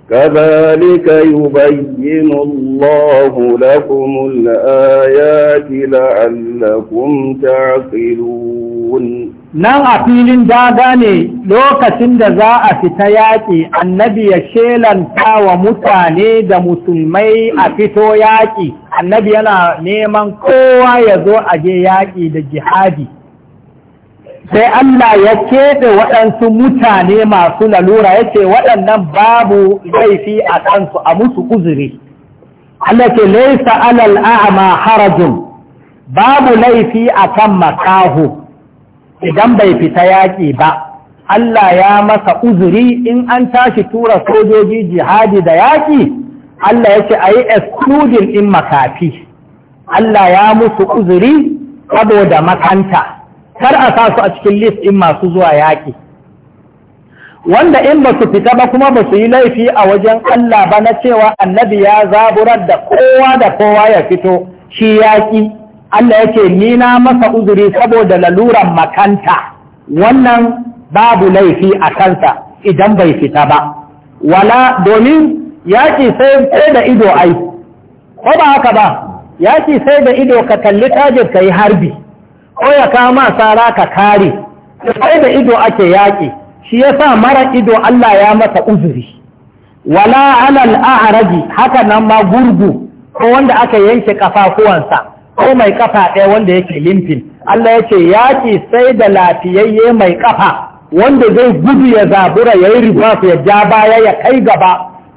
كذلك يبين الله لكم الآيات لعلكم تعقلون nan a filin daga ne lokacin da za a fita yaƙi annabi ya shelanta wa mutane da musulmai a fito yaƙi annabi yana neman kowa ya zo a je yaƙi da jihadi sai Allah ya keɓe waɗansu mutane masu lalura ya ce waɗannan babu laifi a kansu a musu uzuri. Allah ke laisa alal a'ama harajun babu laifi a kan makaho idan bai fita yaƙi ba. Allah ya masa uzuri in an tashi tura sojoji jihadi da yaƙi, Allah ya ce a yi excluding in makafi. Allah ya musu uzuri saboda makanta. kar a sa su a cikin list in masu zuwa yaƙi wanda in ba su fita ba kuma ba su yi laifi a wajen Allah ba na cewa annabi ya zaburar da kowa da kowa ya fito shi yaƙi Allah yake ni na masa uzuri saboda laluran makanta wannan babu laifi a kansa idan bai fita ba wala domin yaƙi sai da ido ai ko ba haka ba yaƙi sai da ido ka kalli tajir ka yi harbi ko ya kama sara ka kare sai da ido ake yaƙi shi ya sa mara ido Allah ya mata uzuri wala alal a'raji haka nan ma gurgu ko wanda aka yanke kafafuwansa ko mai kafa ɗaya wanda yake limfin Allah ya ce yaƙi sai da lafiyayye mai kafa wanda zai gudu ya zabura ya yi riba ya ja baya ya kai gaba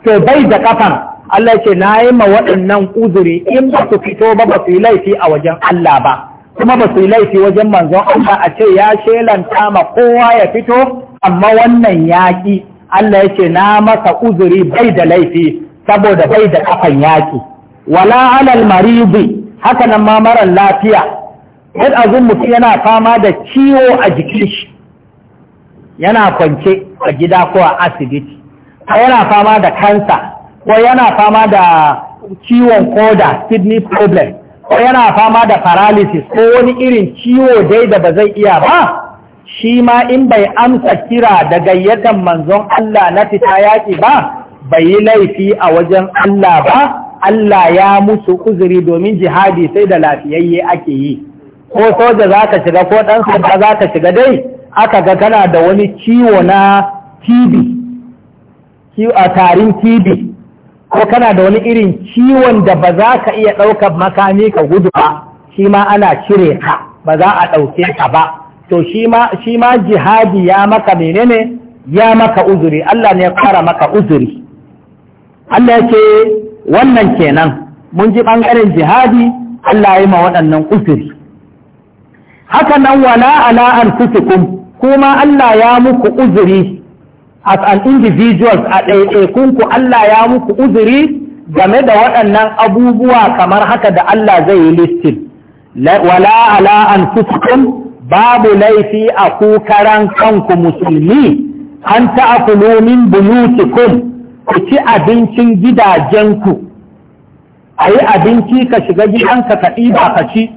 to bai da kafan Allah ya ce na yi ma waɗannan uzuri in ba su fito ba ba su yi laifi a wajen Allah ba kuma ba su yi laifi wajen manzon Allah a ce ya shelanta ma kowa ya fito amma wannan yaƙi Allah ya ce na masa uzuri bai da laifi saboda bai da kafan yaƙi wala alal maridi haka nan ma marar lafiya yadda azun mutum yana fama da ciwo a jikin shi yana kwance a gida ko a asibiti ko yana fama da kansa ko yana fama da ciwon koda kidney problem ko yana fama da paralysis ko wani irin ciwo dai da ba zai iya ba shi ma in bai amsa kira da gayyatan manzon Allah na fita yaƙi ba bai yi laifi a wajen Allah ba Allah ya musu uzuri domin jihadi sai da lafiyayye ake yi ko soja za ka shiga ko ɗan sanda za ka shiga dai aka ga kana da wani ciwo na TB a tarin TB ko kana da wani irin ciwon da ba za ka iya ɗaukar makami ka gudu ba shi ma ana cire ka ba za a ɗauke ka ba to shi ma jihadi ya maka menene ya maka uzuri Allah ne ya fara maka uzuri Allah ya ce wannan kenan mun ji ɓangaren jihadi Allah ya yi ma waɗannan uzuri haka nan wala ala kuma Allah ya muku uzuri as an individuals a ku Allah ya muku uzuri game da waɗannan abubuwa kamar haka da Allah zai yi listin wala ala an babu laifi a kukaran kanku musulmi an ta'akulu min kun ku ci abincin gidajenku a yi abinci ka shiga gidanka ka ɗiba ka ci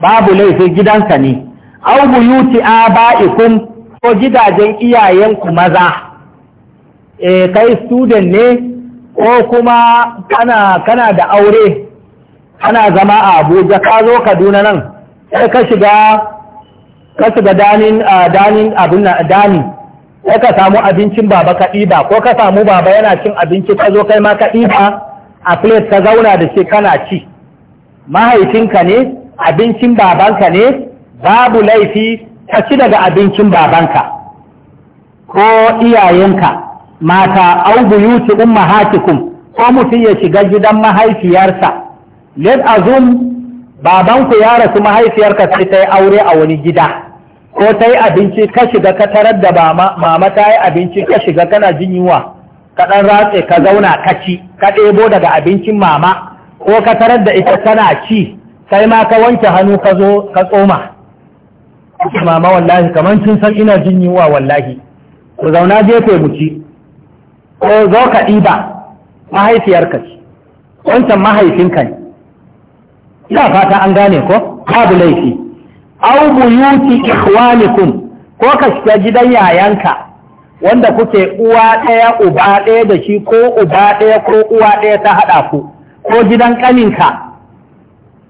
babu laifi gidanka ne au buyuti a aba'ikum ko gidajen iyayenku maza eh kai student ne ko kuma kana kana da aure kana zama a Abuja ka zo Kaduna nan sai ka shiga ka shiga danin danin abin dani sai ka samu abincin baba ka ɗiba ko ka samu baba yana cin abinci ka zo kai ma ka ɗiba a plate ka zauna da shi kana ci mahaifinka ne abincin babanka ne babu laifi ka ci daga abincin babanka ko iyayenka mata au buyuti ummahatikum ko mutum ya shiga gidan mahaifiyarsa let azum babanku ya rasu mahaifiyarka sai ta yi aure a wani gida ko ta yi abinci ka shiga ka tarar da mama ta yi abinci ka shiga kana jin yunwa ka ɗan ratse ka zauna ka ci ka ɗebo daga abincin mama ko ka tarar da ita tana ci Sai ma ka wanke hannu ka zo ka tsoma mama wallahi kamar kin san ina jin yunwa wallahi ku zauna gefe mu ci ko zo ka ɗiba mahaifiyarka ce wancan mahaifinka ne ina fata an gane ko babu laifi aw buyuti ikhwanikum ko ka shiga gidan yayanka wanda kuke uwa ɗaya uba ɗaya da shi ko uba ɗaya ko uwa ɗaya ta haɗa ku ko gidan ƙaninka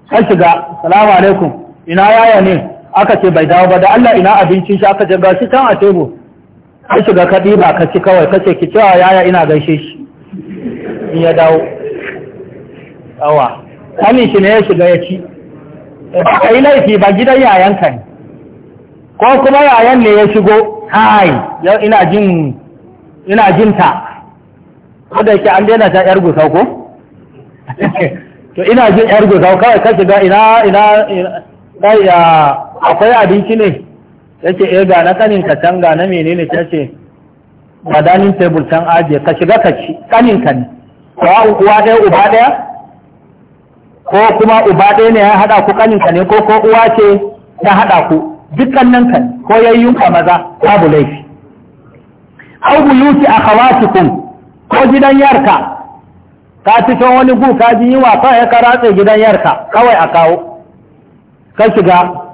ka shiga salamu alaikum ina yaya ne aka ce bai dawo ba da Allah ina abincin shi aka ce shi can a tebur ka shiga ka ɗiba ka ci kawai ka ce ki cewa yaya ina gaishe shi in ya dawo awa kamin shi ne ya shiga ya ci ka yi laifi ba gidan yayan ka ne ko kuma yayan ne ya shigo hai yau ina jin ina jin ta wanda yake an daina ta yar gusau ko to ina jin yar gusau kawai ka shiga ina ina ina akwai abinci ne ya ce eh, ga na kanin ka can ga na menene ta ce madanin danin tebul can ajiye ka shiga ka ci kanin ka ne ko uwa ɗaya uba ɗaya ko kuma uba ɗaya ne ya haɗa ku kanin ka ne ko ko uwa ce ta haɗa ku dukkan nan kan ko yayyunka maza babu laifi aw buyuti akhawatikum ko gidan yarka ka can wani gu ka ji yiwa ka ya karatse gidan yarka kawai a kawo ka shiga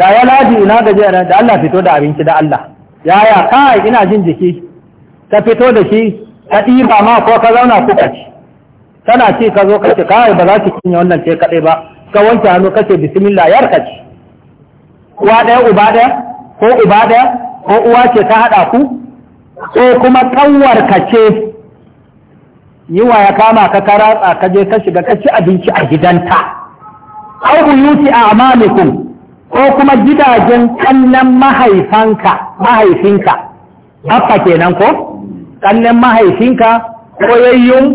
yaya ladi ina gajiyar da Allah fito da abinci da Allah yaya kai ina jin jiki ta fito da shi ta ɗiba ma ko ka zauna kuka ci tana ci ka zo ka kai ba za ki cinye wannan ce kaɗai ba ka wanke hannu kace bismillah yar ka ci uwa ɗaya uba ɗaya ko uba ɗaya ko uwa ce ta haɗa ku ko kuma ƙanwar ka ce yi wa ya kama ka karatsa ka je ka shiga ka ci abinci a gidanta au buyuti a amalikum ko kuma gidajen kallon mahaifanka mahaifinka haka kenan ko kallon mahaifinka ko yayyun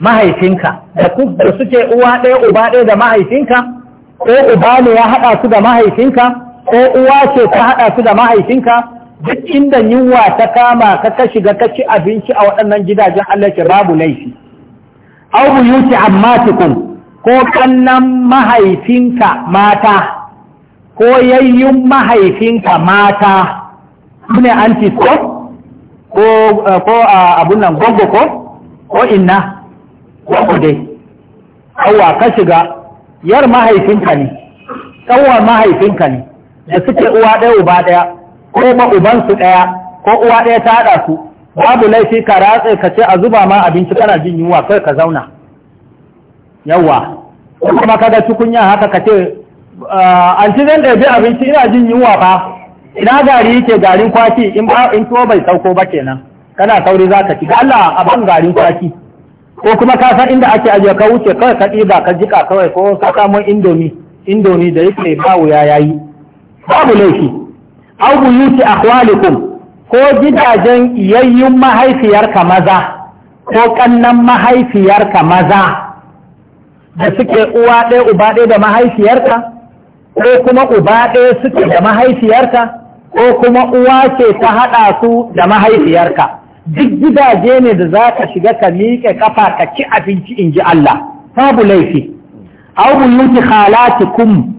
mahaifinka da da suke uwa ɗaya uba ɗaya da mahaifinka ko uba ne ya haɗa su da mahaifinka ko uwa ce ta haɗa su da mahaifinka duk inda yunwa ta kama ka ka shiga ka ci abinci a waɗannan gidajen Allah ke babu laifi au buyuti ammatikum ko kallon mahaifinka mata ko yayyun mahaifinka mata ne anti ko ko eh, ah, abun nan gogo ko ko inna ko dai awwa ka shiga yar mahaifinka ne tsawon mahaifinka ne da suke uwa ɗaya uba ɗaya ko ma ubansu ɗaya ko uwa ɗaya ta haɗa su babu laifi ka ratse ka ce a zuba ma abinci kana jin yunwa kai ka zauna yawa kuma kaga tukunya haka ka ce Eh, an ci zan ɗabi abinci ina jin yunwa ba. ina gari yake garin kwaki in ba in tuwo bai sauko ba kenan kana sauri za ka ci ga Allah a ban garin kwaki ko kuma ka san inda ake ajiye ka wuce kawai ka ɗiba ka jika kawai ko ka samu indomi indomi da yake ba wuya yayi babu laifi au buyuti akhwalikum ko gidajen iyayyun mahaifiyarka maza ko kannan mahaifiyarka maza da suke uwa ɗaya uba ɗaya da mahaifiyarka ko kuma uba ɗaya suke da mahaifiyarka ko kuma uwa ce ta haɗa su da mahaifiyarka duk gidaje ne da za ka shiga ka miƙe kafa ka ci abinci in ji Allah babu laifi yuki buyuti kum,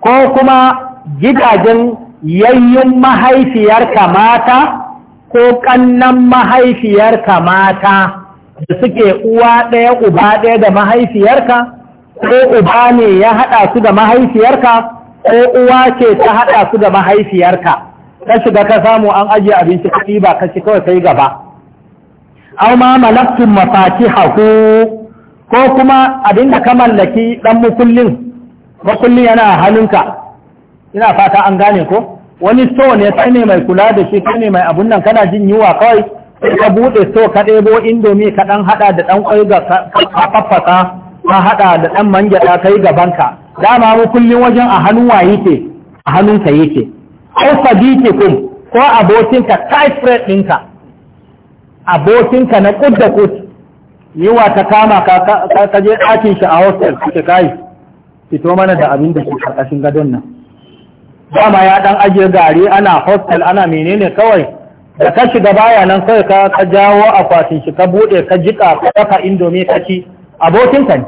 ko kuma gidajen yayyun mahaifiyarka mata ko ƙannan mahaifiyarka mata da suke uwa ɗaya uba ɗaya da mahaifiyarka ko uba ne ya haɗa su da mahaifiyarka ko uwa ce ta haɗa su da mahaifiyarka ka shiga ka samu an ajiye abinci ka ɗiba ka shi kawai kai gaba au ma malaktun haku ko kuma abinda ka mallaki ɗan mukullin mukullin yana halinka, ina fata an gane ko wani so ne kai ne mai kula da shi kai ne mai abun nan kana jin yiwa kawai sai ka buɗe so ka ɗebo indomi ka ɗan haɗa da ɗan kwai ga ka faffasa ka haɗa da ɗan manjaɗa kai gabanka dama mu kullum wajen a hannun wa yake a hannunka yake ko sadiki kum ko abokinka typhoid ɗinka abokinka na kud da yiwa ta kama ka je ɗakin shi a hostel kuke kai fito mana da abin da ke karkashin gadon nan dama ya ɗan ajiye gari ana hostel ana menene kawai da ka shiga baya nan kawai ka jawo akwatin shi ka buɗe ka jiƙa ka dafa indomi ka ci abokinka ne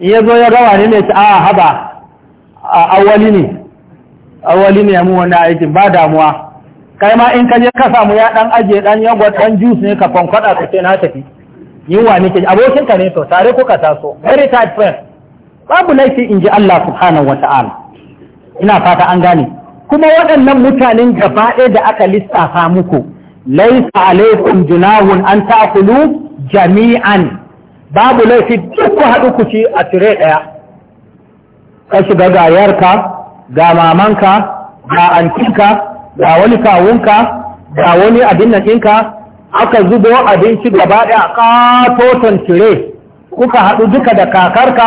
in ya zo ya gawa ne mai ta'a a haba a awali ne awali ne mu wani aikin ba damuwa kai ma in ka je ka samu ya dan aje dan yagwa dan juice ne ka kwankwada ka ce na tafi ne ke abokin ka ne to tare kuka taso very tight friend babu laifi in ji Allah subhanahu wata'ala ina fata an gane kuma waɗannan mutanen gaba ɗaya da aka lissafa muku laisa alaikum junahun an ta'kulu jami'an babu laifi duk ku haɗu ku ci a tire ɗaya ka shiga ga yarka ga mamanka ga antinka ga wani kawunka ga wani abin nan ɗinka aka zubo abinci gaba ɗaya ƙatoton tire kuka haɗu duka da kakarka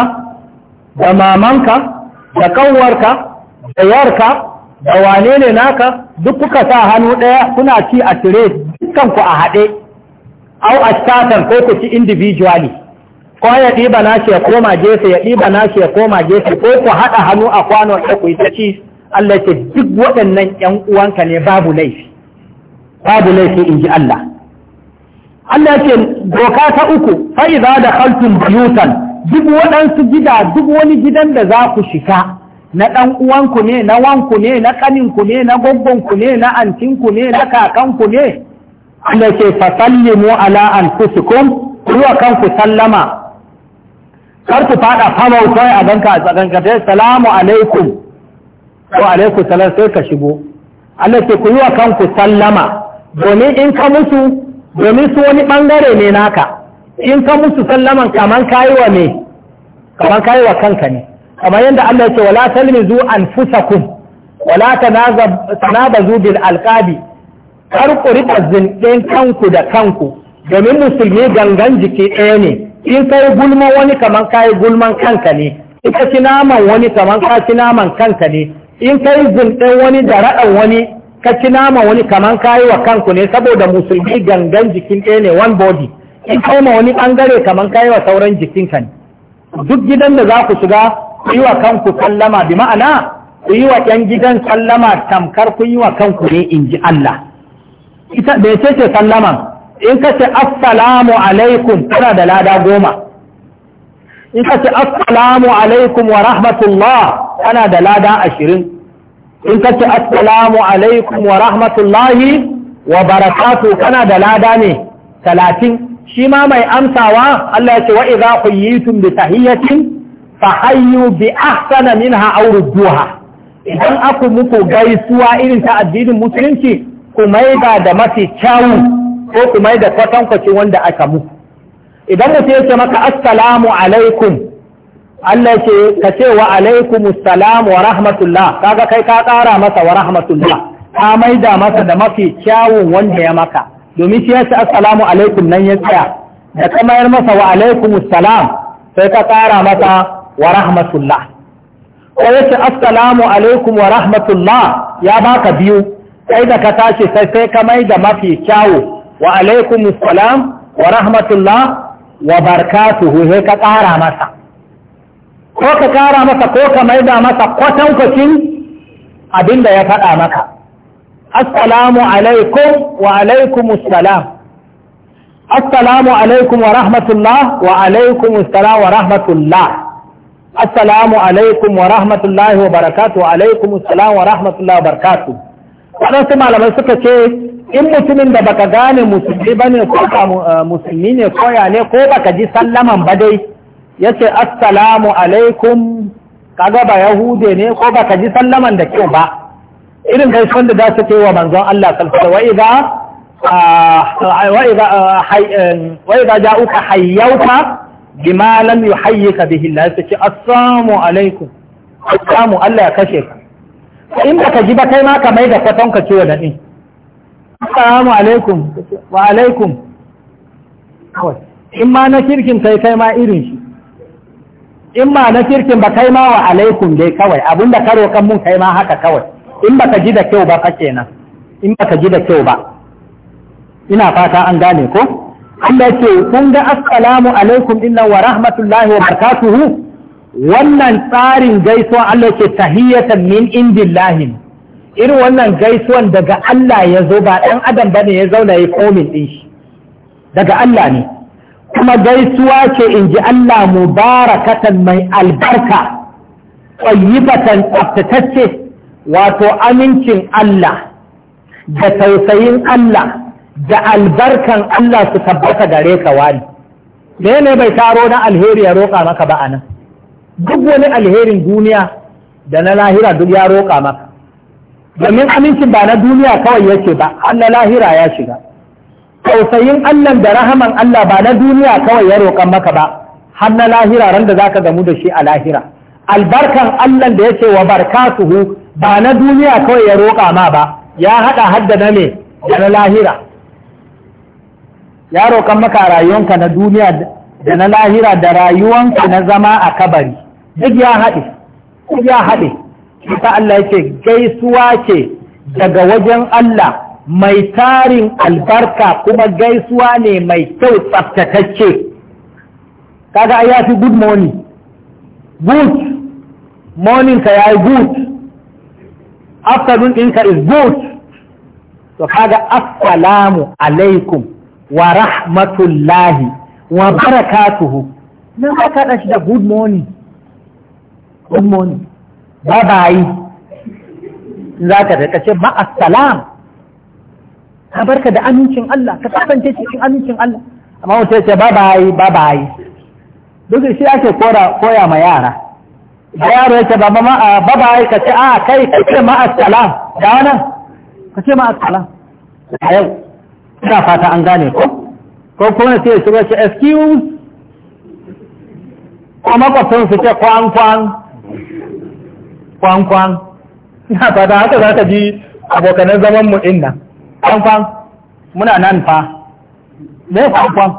da mamanka da kanwarka da yarka da wane ne naka duk kuka sa hannu ɗaya kuna ci a tire dukanku a haɗe au a ko ku ci individually ko ya ɗiba nashi ya koma gefe ya ɗiba nashi ya koma gefe ko ku haɗa hannu a kwano da ku ta ci Allah ce duk waɗannan ƴan uwanka ne babu laifi babu laifi in ji Allah Allah ce doka ta uku fa idza kaltun buyutan duk waɗansu gida duk wani gidan da za ku shiga na ɗan uwanku ne na wanku ne na ƙaninku ne na goggonku ne na antinku ne na kakanku ne Allah ce fa sallimu ala anfusikum kuwa kanku sallama kar ku fada famau kawai a ganka a tsakankatai salamu alaikum ko alaikum salam sai ka shigo Allah ce ku yi wa kanku sallama domin in ka musu domin su wani bangare ne naka in ka musu sallaman kaman ka wa me kaman kayi wa kanka ne kamar yadda Allah ya ce wala talmizu anfusakum wala tanabazu bil alqabi kar ku rika zinɗin kanku da kanku domin musulmi gangan jiki ɗaya ne in kai gulman wani kaman kai gulman kanka ne in ka ci naman wani kaman ka ci naman kanka ne in kai zunɗin wani da raɗan wani ka ci naman wani kaman ka yi wa kanku ne saboda musulmi gangan jikin ɗaya ne one body in kai ma wani ɓangare kaman ka yi wa sauran jikin ka ne duk gidan da za ku shiga ku yi wa kanku sallama bi ma'ana ku yi wa ƴan gidan sallama tamkar ku yi wa kanku ne in ji Allah ita da ya ce sallama in ka ce assalamu alaikum tana da lada goma in ka ce assalamu alaikum wa rahmatullah tana da lada ashirin in ka ce assalamu alaikum wa rahmatullahi wa barakatu tana da lada ne talatin shi ma mai amsawa Allah ya ce wa idza quyitum bi tahiyatin fa hayyu bi ahsana minha aw rudduha idan aku muku gaisuwa irin ta addinin musulunci ku maida da mafi kyawun ko ku mai da kwatankwaci wanda aka mu idan mutum yake maka assalamu alaikum Allah ce ka ce wa alaikum salam wa rahmatullah kaga kai ka kara masa wa rahmatullah ka maida masa da mafi kyawun wanda ya maka domin shi yace assalamu alaikum nan ya tsaya da ka mayar masa wa alaikum salam sai ka kara masa wa rahmatullah ko yace assalamu alaikum wa rahmatullah ya baka biyu kai da ka tashi sai sai ka maida mafi kyawu wa alaikum salam wa rahmatullah wa barakatuhu sai ka ƙara masa ko ka ƙara masa ko ka maida masa kwatankwacin abin da ya faɗa maka assalamu alaikum wa alaikum salam assalamu alaikum wa rahmatullah wa alaikum salam wa rahmatullah assalamu alaikum wa rahmatullahi wa barakatuhu wa alaikum salam wa rahmatullah wa barakatuhu waɗansu malamai suka ce in mutumin da baka gane musulmi ba ne ko ka musulmi ne ko ya ne ko baka ji sallaman ba dai ya ce assalamu alaikum kaga ba yahude ne ko baka ji sallaman da kyau ba irin kai wanda za su ce wa manzon Allah sallallahu alaihi wa idza ah, ah, eh, ja'uka hayyauka bima lam yuhayyika bihi Allah su ce assalamu alaikum assalamu Allah ya kashe ka in baka ji ba kai ma ka mai da kwatanka ciwo da din assalamu alaikum wa alaikum kawai in ma na kirkin kai kai ma irin shi in ma na kirkin ba kai ma wa alaikum dai kawai abinda ka roƙan mun kai ma haka kawai in ba ka ji da kyau ba kake nan in ba ka ji da kyau ba ina fata an gane ko Allah ce kun ga assalamu alaikum inna wa rahmatullahi wa barakatuhu wannan tsarin gaisuwa Allah ce tahiyatan min indillahi irin wannan gaisuwan daga Allah ya zo ba ɗan adam ba ne ya zauna ya komin ɗin shi daga Allah ne kuma gaisuwa ce in ji Allah mu barakatan mai albarka ƙwayyibatan tsaftatacce wato amincin Allah da tausayin Allah da albarkan Allah su tabbata gare ka wani da yana bai taro na alheri ya roƙa maka ba a nan duk wani alherin duniya da na lahira duk ya roƙa maka domin amincin ba na duniya kawai yake ba Allah lahira ya shiga tausayin Allah da rahaman Allah ba na duniya kawai ya roƙan maka ba har na lahira ran da zaka gamu da shi a lahira albarkan Allah da yake wa barkatuhu ba na duniya kawai ya roƙa ma ba ya haɗa hadda na me da na lahira ya roƙan maka rayuwanka na duniya da na lahira da rayuwanka na zama a kabari duk ya haɗe duk ya haɗe Ita Allah ya ce gaisuwa ce daga wajen Allah mai tarin albarka kuma gaisuwa ne mai kyau tsaftatacce. Kaga ya fi good morning. Good morning ka ya yi good. Afternoon ka is good. To so, kaga assalamu alaikum wa rahmatullahi wa barakatuhu. Na haka da shi da good morning. Good morning. ba bayi za ka da kashe ma'assalam ka barka da amincin Allah ka kasance cikin amincin Allah amma wata ce ba babayi. ba bayi duk shi ake koya ma yara da yaro yake ba ba babayi. ka ce a kai ka ce ma'assalam da wannan ka ce ma'assalam a yau ina fata an gane ko ko kuma sai ya shiga shi excuse ko su ce kwan kwan kwankwan na fata haka za ka ji abokanan zaman mu ɗin nan kwankwan muna nan fa me kwankwan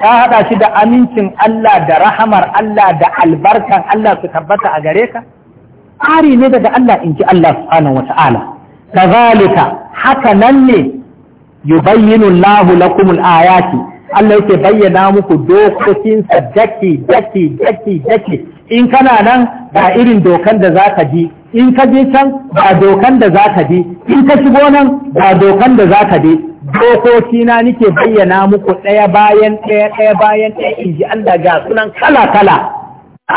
ta eh, haɗa shi da amincin Allah da rahamar Allah da albarkan Allah su tabbata a gare ka tsari ne daga Allah in ji Allah subhanahu wata'ala kazalika haka nan ne yubayyinu Allahu lakumul ayati Allah yake bayyana muku dokokinsa daki daki daki daki in kana nan ga irin dokan da za ji in ka je can ga dokan da za ji in ka shigo nan ga dokan da zaka ka ji dokokina nike bayyana muku ɗaya bayan ɗaya ɗaya bayan ɗaya in ji Allah ga sunan kala kala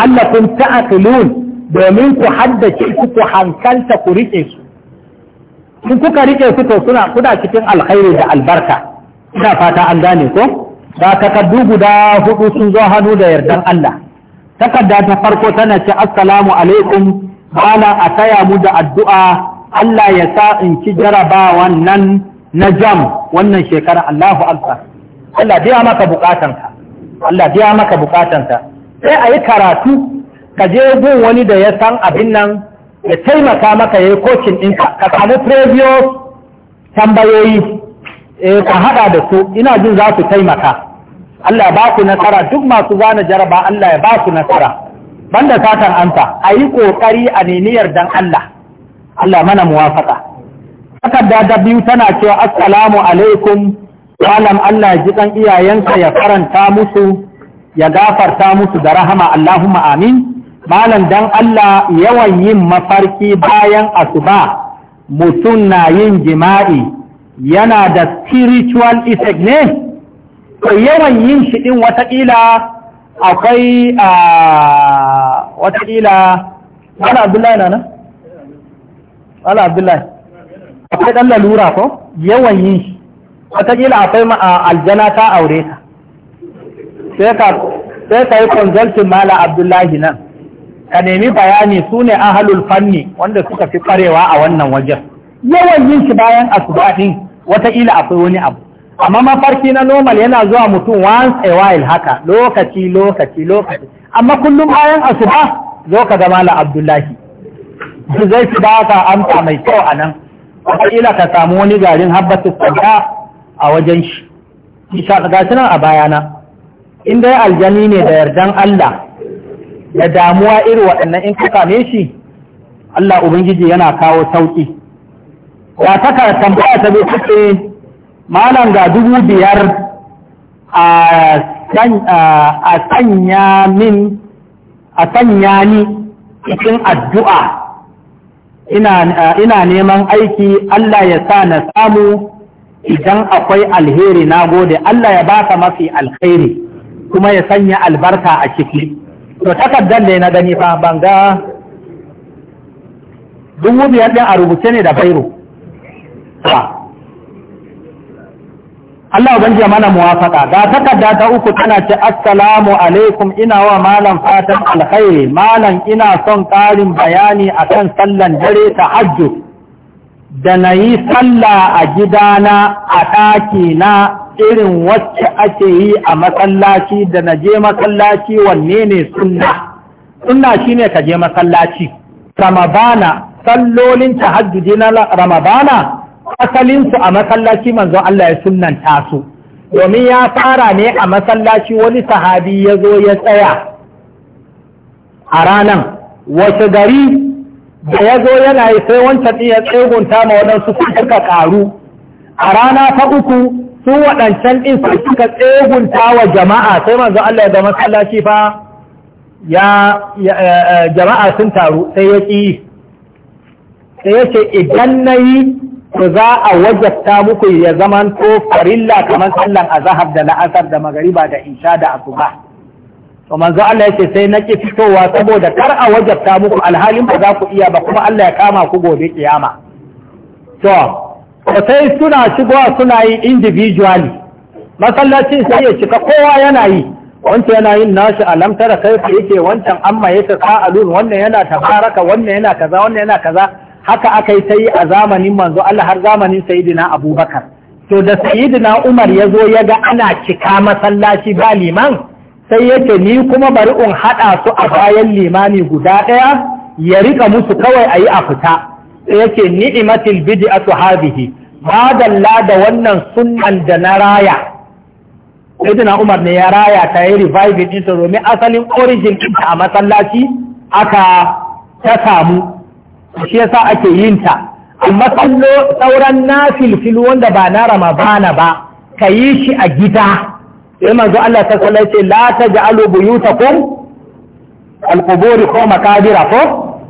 Allah kun ta'aqilun domin ku haddace ku ku hankalta ku rike su in kuka rike su to suna kuna cikin alkhairi da albarka ina fata an gane ko Ba takardu guda hudu sun zo hannu da yardan Allah takarda ta farko tana ce assalamu alaikum bala a taya mu da addu'a Allah ya sa in ci jarabawan nan na jam wannan shekara Allahu akbar Allah biya maka bukatanka Allah biya maka bukatanka sai a yi karatu ka je gun wani da ya san abin nan ya taimaka maka ya yi kocin ɗinka ka samu previous tambayoyi eh ka haɗa da su ina jin za su taimaka Allah ya ba ku nasara duk masu zana jaraba Allah ya ba su nasara banda satan amsa a yi ƙoƙari a neniyar dan Allah Allah mana muwafaka takarda da biyu tana cewa assalamu alaikum malam Allah ya ji kan iyayenka ya karanta musu ya gafarta musu da rahama Allahumma amin malam dan Allah yawan yin mafarki bayan asuba mutum na yin jima'i yana da spiritual effect ne to yawan yin shi ɗin watakila akwai a watakila ala abdullahi na nan ala abdullahi akwai ɗan lalura ko yawan yin shi watakila akwai aljana ta aure ka sai ka yi consulting mala abdullahi nan ka nemi bayani su ne ahalul fanni wanda suka fi karewa a wannan wajen yawan yin shi bayan asuba wataƙila akwai wani abu amma mafarki na normal yana zuwa mutum once a while haka lokaci lokaci lokaci amma kullum bayan asuba zo ka ga mala abdullahi zai fi ba ka amsa mai kyau a nan wataƙila ka samu wani garin habbatu kwanta a wajen shi ga shi nan a bayana in dai aljani ne da yardan Allah da damuwa irin waɗannan in ka same shi Allah Ubangiji yana kawo sauƙi ya saka tambaya ta bi kuɗi malam ga dubu biyar a sanya min a sanya ni cikin addu'a ina neman aiki Allah ya sa na samu idan akwai alheri na gode Allah ya baka mafi alheri kuma ya sanya albarka a ciki to takardar da na gani fa banga dubu biyar ɗin a rubuce ne da bairu? Allah ubangiji mana muwafaka ga takarda ta uku tana ce assalamu alaikum ina wa malam fatan alkhairi malam ina son ƙarin bayani akan sallan dare ta hajju da nayi yi sallah a gidana a taki na irin wacce ake yi a masallaci da naje je masallaci wanne ne sunna sunna shine ka je masallaci ramabana sallolin tahajjudi na ramadana asalinsu a masallaci manzon Allah ya sunanta su domin ya fara ne a masallaci wani sahabi ya zo ya tsaya a ranan wace gari da ya zo yana yi sai wancan ɗin ya tsegunta ma waɗansu su suka ƙaru a rana ta uku su waɗancan ɗin su suka tsegunta wa jama'a sai manzo Allah ya zama masallaci fa ya jama'a sun taru sai ya ƙi sai ya ce idan na yi to za a wajabta muku ya zaman to farilla kamar sallan azahar da la'asar da magariba da isha da asuba to manzo Allah yake sai na ki fitowa saboda kar a wajabta muku alhalin ba za ku iya ba kuma Allah ya kama ku gobe kiyama to sai suna shigowa suna yi individually masallacin sai ya cika kowa yana yi wancan yana yin nashi lamtara, kai yake wancan amma yake sa'alun wannan yana tabaraka wannan yana kaza wannan yana kaza haka aka yi sai a zamanin manzo Allah har zamanin sayidina abubakar to da sayidina umar ya zo ya ga ana cika masallaci ba liman sai ya ce ni kuma bari in haɗa su a bayan limani guda ɗaya ya rika musu kawai a yi a fita sai ya ce ni'imatil bid'atu hadhihi Ba da wannan sunnan da na raya Sayyidina Umar ne ya raya ta yi reviving ɗinta domin asalin origin ɗinta a masallaci aka ta samu shi yasa ake yin ta amma sallo sauran nafilfil wanda ba na ramadana ba ka yi shi a gida sai manzo Allah ta sallai ce la taj'alu buyutakum alquburi ko makabira ko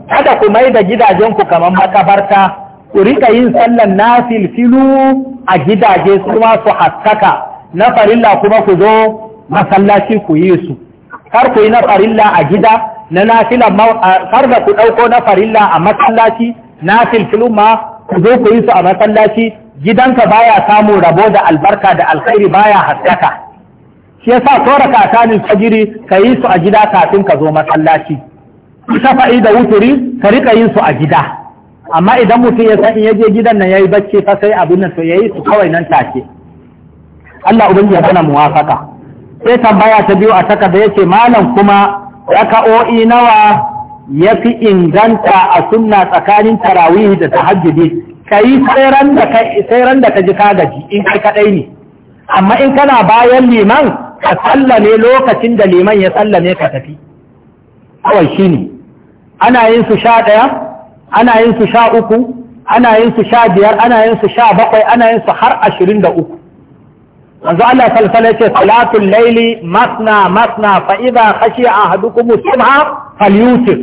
kada ku mai da gidajen ku kamar makabarta ku rika yin sallan nafilfilu a gidaje kuma su haskaka na farilla kuma ku zo masallaci ku yi su kar ku yi na farilla a gida na nafilan a ku ɗauko na farilla a masallaci na filfilun ma ku zo ku yi su a masallaci gidanka baya samu rabo da albarka da alkhairi baya haskaka shi yasa ko raka fajiri ka yi su a gida kafin ka zo masallaci shafa'i da wuturi ka rika yin su a gida amma idan mutum ya san in yaje gidan nan yayi bacci fa sai abin nan to yayi su kawai nan take Allah ubangiji ya bana muwafaka sai tambaya ta biyu a takarda yace malam kuma raka'o'i nawa ya fi inganta a sunna tsakanin tarawih da tahajjudi ka yi sai ran da ka ji ka in kai kaɗai ne amma in kana bayan liman ka sallame lokacin da liman ya sallame ka tafi kawai shi ne ana yin su sha ɗaya ana yin su sha uku ana yin su sha biyar ana yin su sha bakwai ana yin su har ashirin da uku manzo Allah salsala ce salatul laili masna masna fa idza khashiya ahadukum subha falyutir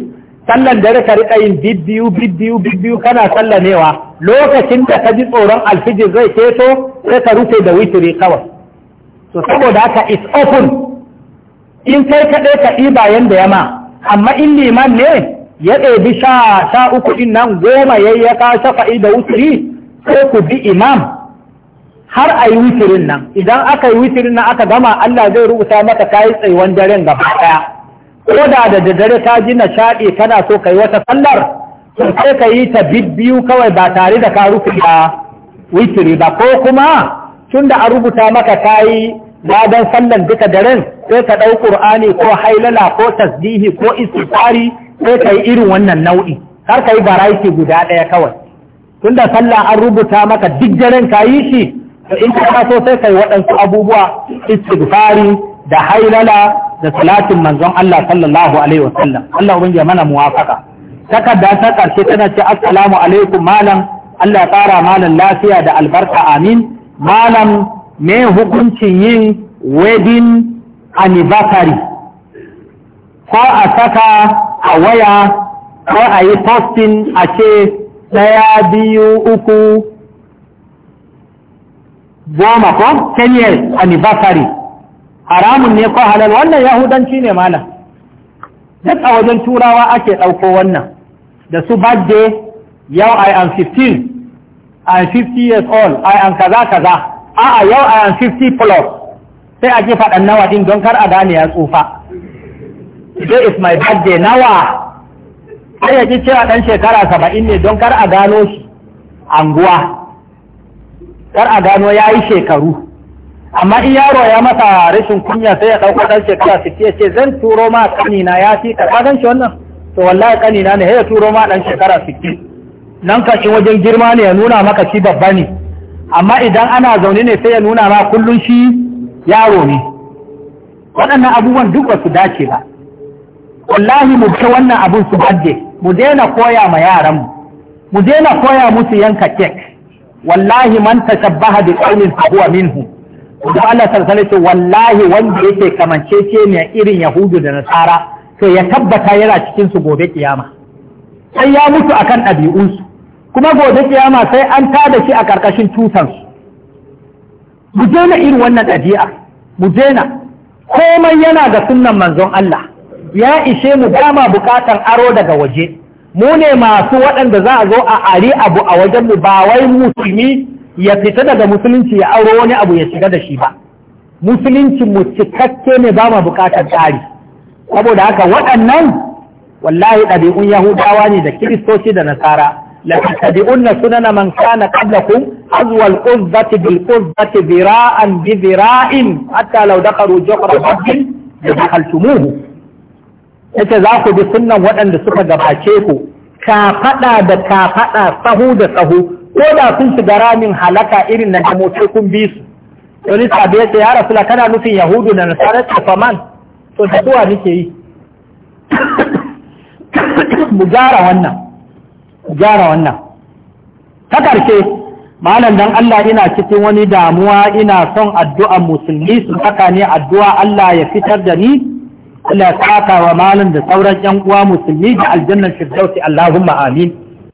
sallan dare ka rika yin bibbiyu bibbiyu bibbiyu kana sallamewa lokacin da ka ji tsoron alfijir zai keto sai ka rufe da witiri kawai to saboda haka is open in kai kaɗai ka ɗiba yanda yama amma in liman ne ya ɗebi sha sha uku in nan goma yayyaka shafa'i da wuturi sai ku bi imam har a yi witirin nan idan aka yi witirin nan aka gama Allah zai rubuta maka kayi tsayuwan daren gaba ɗaya ko da da daddare ta ji na shaɗe kana so ka yi wata sallar to sai ka yi ta biyu kawai ba tare da ka rufe da witiri ba ko kuma tun da a rubuta maka kayi ladan sallan duka daren sai ka ɗau ƙur'ani ko hailala ko tasbihi ko istighfari sai ka yi irin wannan nau'i kar ka yi baraiki guda ɗaya kawai tunda sallah an rubuta maka duk daren ka yi shi in ka taso sai kai waɗansu abubuwa istighfari da hailala da salatin manzon Allah sallallahu alaihi wasallam Allah ubangiya mana muwafaka takarda ta karshe tana ce assalamu alaikum malam Allah ya ƙara malam lafiya da albarka amin malam me hukuncin yin wedding anniversary ko a saka a waya ko a yi posting a ce ɗaya biyu uku goma ko 10 years anniversary haramun ne ko halal wannan yahudanci ne mana. duk a wajen turawa ake ɗauko wannan da su birthday yau i am 15 i am 50 years old i am kaza kaza a'a yau i am 50 plus sai a jefa ɗan nawa din don kar a gane ya tsufa today is my birthday nawa sai ya ji cewa ɗan shekara saba'in ne don kar a gano shi anguwa kar a gano ya yi shekaru amma in yaro ya masa rashin kunya sai ya ɗauko ɗan shekara su ce zan turo ma ƙanina ya fi ka ka shi wannan to wallahi ƙanina ne ya turo ma ɗan shekara sittin nan shi wajen girma ne ya nuna maka shi babba ne amma idan ana zaune ne sai ya nuna ma kullum shi yaro ne waɗannan abubuwan duk ba su dace ba wallahi mu ta wannan abun su hadde mu daina koya ma yaran mu mu daina koya musu yanka kek wallahi man tashabbaha bi qaumin fa huwa minhu to Allah sallallahu alaihi wallahi wanda yake kamance kamancece ne irin yahudu da nasara to ya tabbata yana cikin su gobe kiyama sai ya mutu akan ɗabi'unsu kuma gobe kiyama sai an tada shi a karkashin tutansu mu na irin wannan ɗabi'a mu na. komai yana da sunnan manzon Allah ya ishe mu dama buƙatar aro daga waje mu ne masu waɗanda za a zo a ari abu a wajen mu ba wai musulmi ya fita daga musulunci ya auro wani abu ya shiga da shi ba musulunci mu cikakke ne ba ma bukatar tsari saboda haka waɗannan wallahi ɗabi'un yahudawa ne da kiristoci da nasara la tattabi'unna sunana man kana qablakum azwal quzzati bil quzzati zira'an bi zira'in hatta law dakhalu juhra rabbin la yace za ku bi sunnan waɗanda suka gabace ku ka faɗa da ka faɗa sahu da sahu ko da sun shiga ramin halaka irin na damoce kun bi su wani sabi ya ce ya rasula kana nufin yahudu da nasarar tafaman to da zuwa nake yi mu gyara wannan gyara wannan ta ƙarshe malam dan Allah ina cikin wani damuwa ina son addu'an musulmi su saka ne addu'a Allah ya fitar da ni Allah ya saka wa malam da sauran yan uwa musulmi da aljannar firdausi Allahumma amin